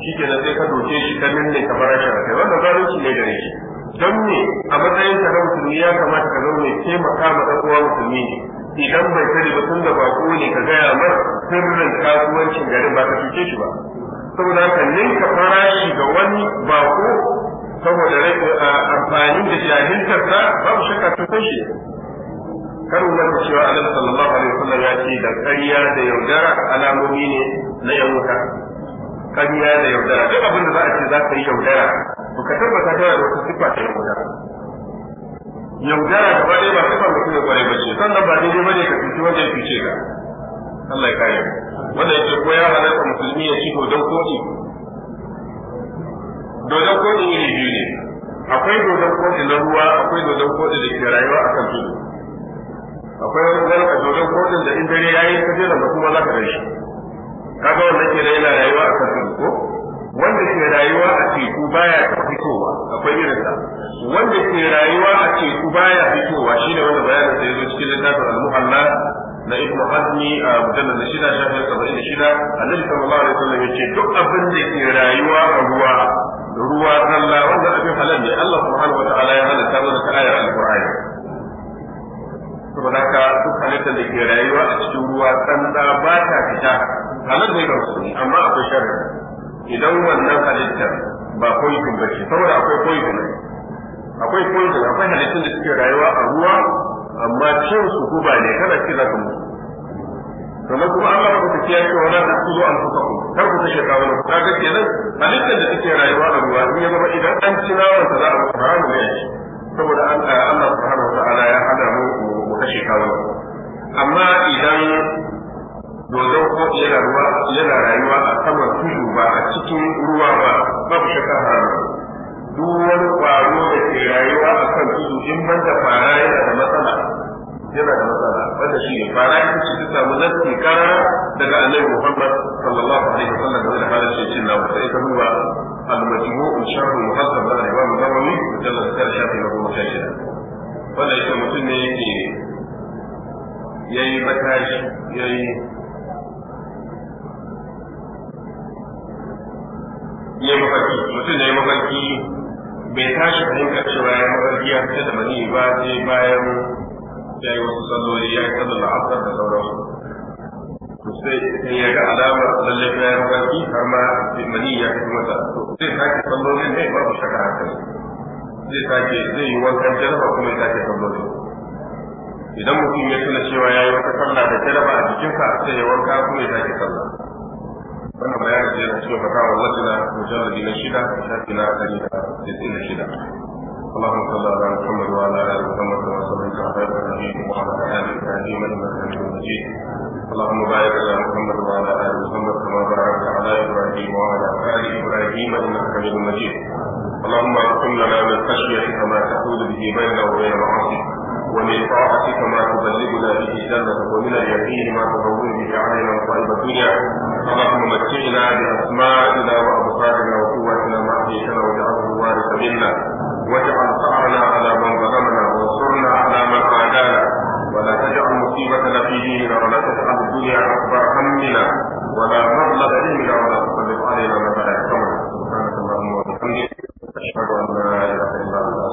shi ke sai ka doke shi ka minne ka farashi a kai wannan zalunci ne gare shi don ne a matsayin ka na musulmi ya kamata ka zama mai taimaka ma ɗan uwa musulmi ne idan bai sani ba tun da bako ne ka gaya mar sirrin kasuwancin garin ba ka cuce shi ba saboda haka ninka farashi ga wani bako saboda amfani da jahiltar sa babu shakka cutar shi karu na ku cewa alaihi sallallahu alaihi wasallam ya ce da ƙarya da yaudara alamomi ne na yan wuta ƙarya da yaudara duk abin da za a ce za ka yi yaudara to ka tabbata ta da wata sifa ta yaudara yaudara gaba ɗaya ba sifar mutum ya kware ba ce sannan ba daidai ba ne ka cuci wanda ya cuce ka Allah ya kare wanda yake ko ya halatta musulmi ya ci dodon koɗi dodon koɗin iri biyu ne akwai dodon koɗi na ruwa akwai dodon koɗi da ke rayuwa a kan tudu akwai wani garka dodon koɗin da in dare ya yi ka je da mutum za ka gan shi kaga wannan ke rayuwa ke rayuwa a teku baya fitowa shine wanda bayanin da zo cikin littafin al-muhalla na ibn hazmi a mujallal na shida shafin saba'in da shida annabi sallallahu alaihi wasallam ya ce duk abin da ke rayuwa a ruwa ruwa zalla wanda abin halal ne Allah subhanahu wataala ya halatta mana ta ayar al-qur'ani saboda haka duk halittar da ke rayuwa a cikin ruwa tsantsa ba ta fita halal ne ga musulmi amma akwai sharri idan wannan halittar ba koyi kun bace saboda akwai koyi kun akwai poison akwai halittun da suke rayuwa a ruwa amma cin su guba ne kana ce za ka mutu sannan kuma Allah ba ta kiyaye cewa na ta kuzo an fuka ku kar ku kashe kawo ku kaga kenan halittun da suke rayuwa a ruwa in zama idan an ci naman ta za a mutu haramu ne saboda an eh, Allah subhanahu wataala ya hada mu mu kashe kawo amma idan dodon ko yana ruwa yana rayuwa a saman tudu ba a cikin ruwa ba babu shakka haramu duk wani ƙwaro da ke rayuwa a kan tudu in ban da fara yana da matsala yana da matsala wanda shi ne fara ita ce ta samu zarti kara daga annabi Muhammad sallallahu alaihi wa wasallam da zai fara shi na wata ita duba al-majmu'u sharh muhazzab da sha ta Nawawi mujallad 16 wanda yake mutum ne yake yi matashi yayi yayi mafarki mutum ne ya mafarki bai tashi fahimtar cewa ya mafarki ya fita da mani ba sai bayan ya yi wasu salloli ya yi sallar la'asar da sauransu sai in ya ga alamar lalle ya yi mafarki har ma mani ya fi masa zai sake sallolin ne babu shakka hakan zai sake zai yi wankan jaraba kuma ya sake sallolin idan mutum ya tuna cewa ya yi wata sallah da jaraba a jikinsa sai ya wanka kuma ya sake sallah Bana bayanin da yake cewa ta wa lajina mujalladi na shida ta kina da ni da shida Allahumma salli ala Muhammad wa ala ali Muhammad wa sallim da ni wa ala ali ta ni man da Allahumma barik ala Muhammad wa ala ali Muhammad kama barakta ala Ibrahim wa Ibrahim innaka Hamidum Majid Allahumma qul lana min khashyatika ma taqulu ومن طاعتك ما تبلغنا به جنتك ومن اليقين ما تهون به علينا مصائب الدنيا اللهم متعنا باسمائنا وابصارنا وقوتنا ما احييتنا واجعله الوارث منا واجعل ثارنا على من ظلمنا وانصرنا على من عادانا ولا تجعل مصيبتنا في ديننا ولا تجعل الدنيا اكبر همنا ولا مبلغ علمنا ولا تسلط علينا من لا يحكمنا سبحانك اللهم وبحمدك اشهد ان لا اله الا انت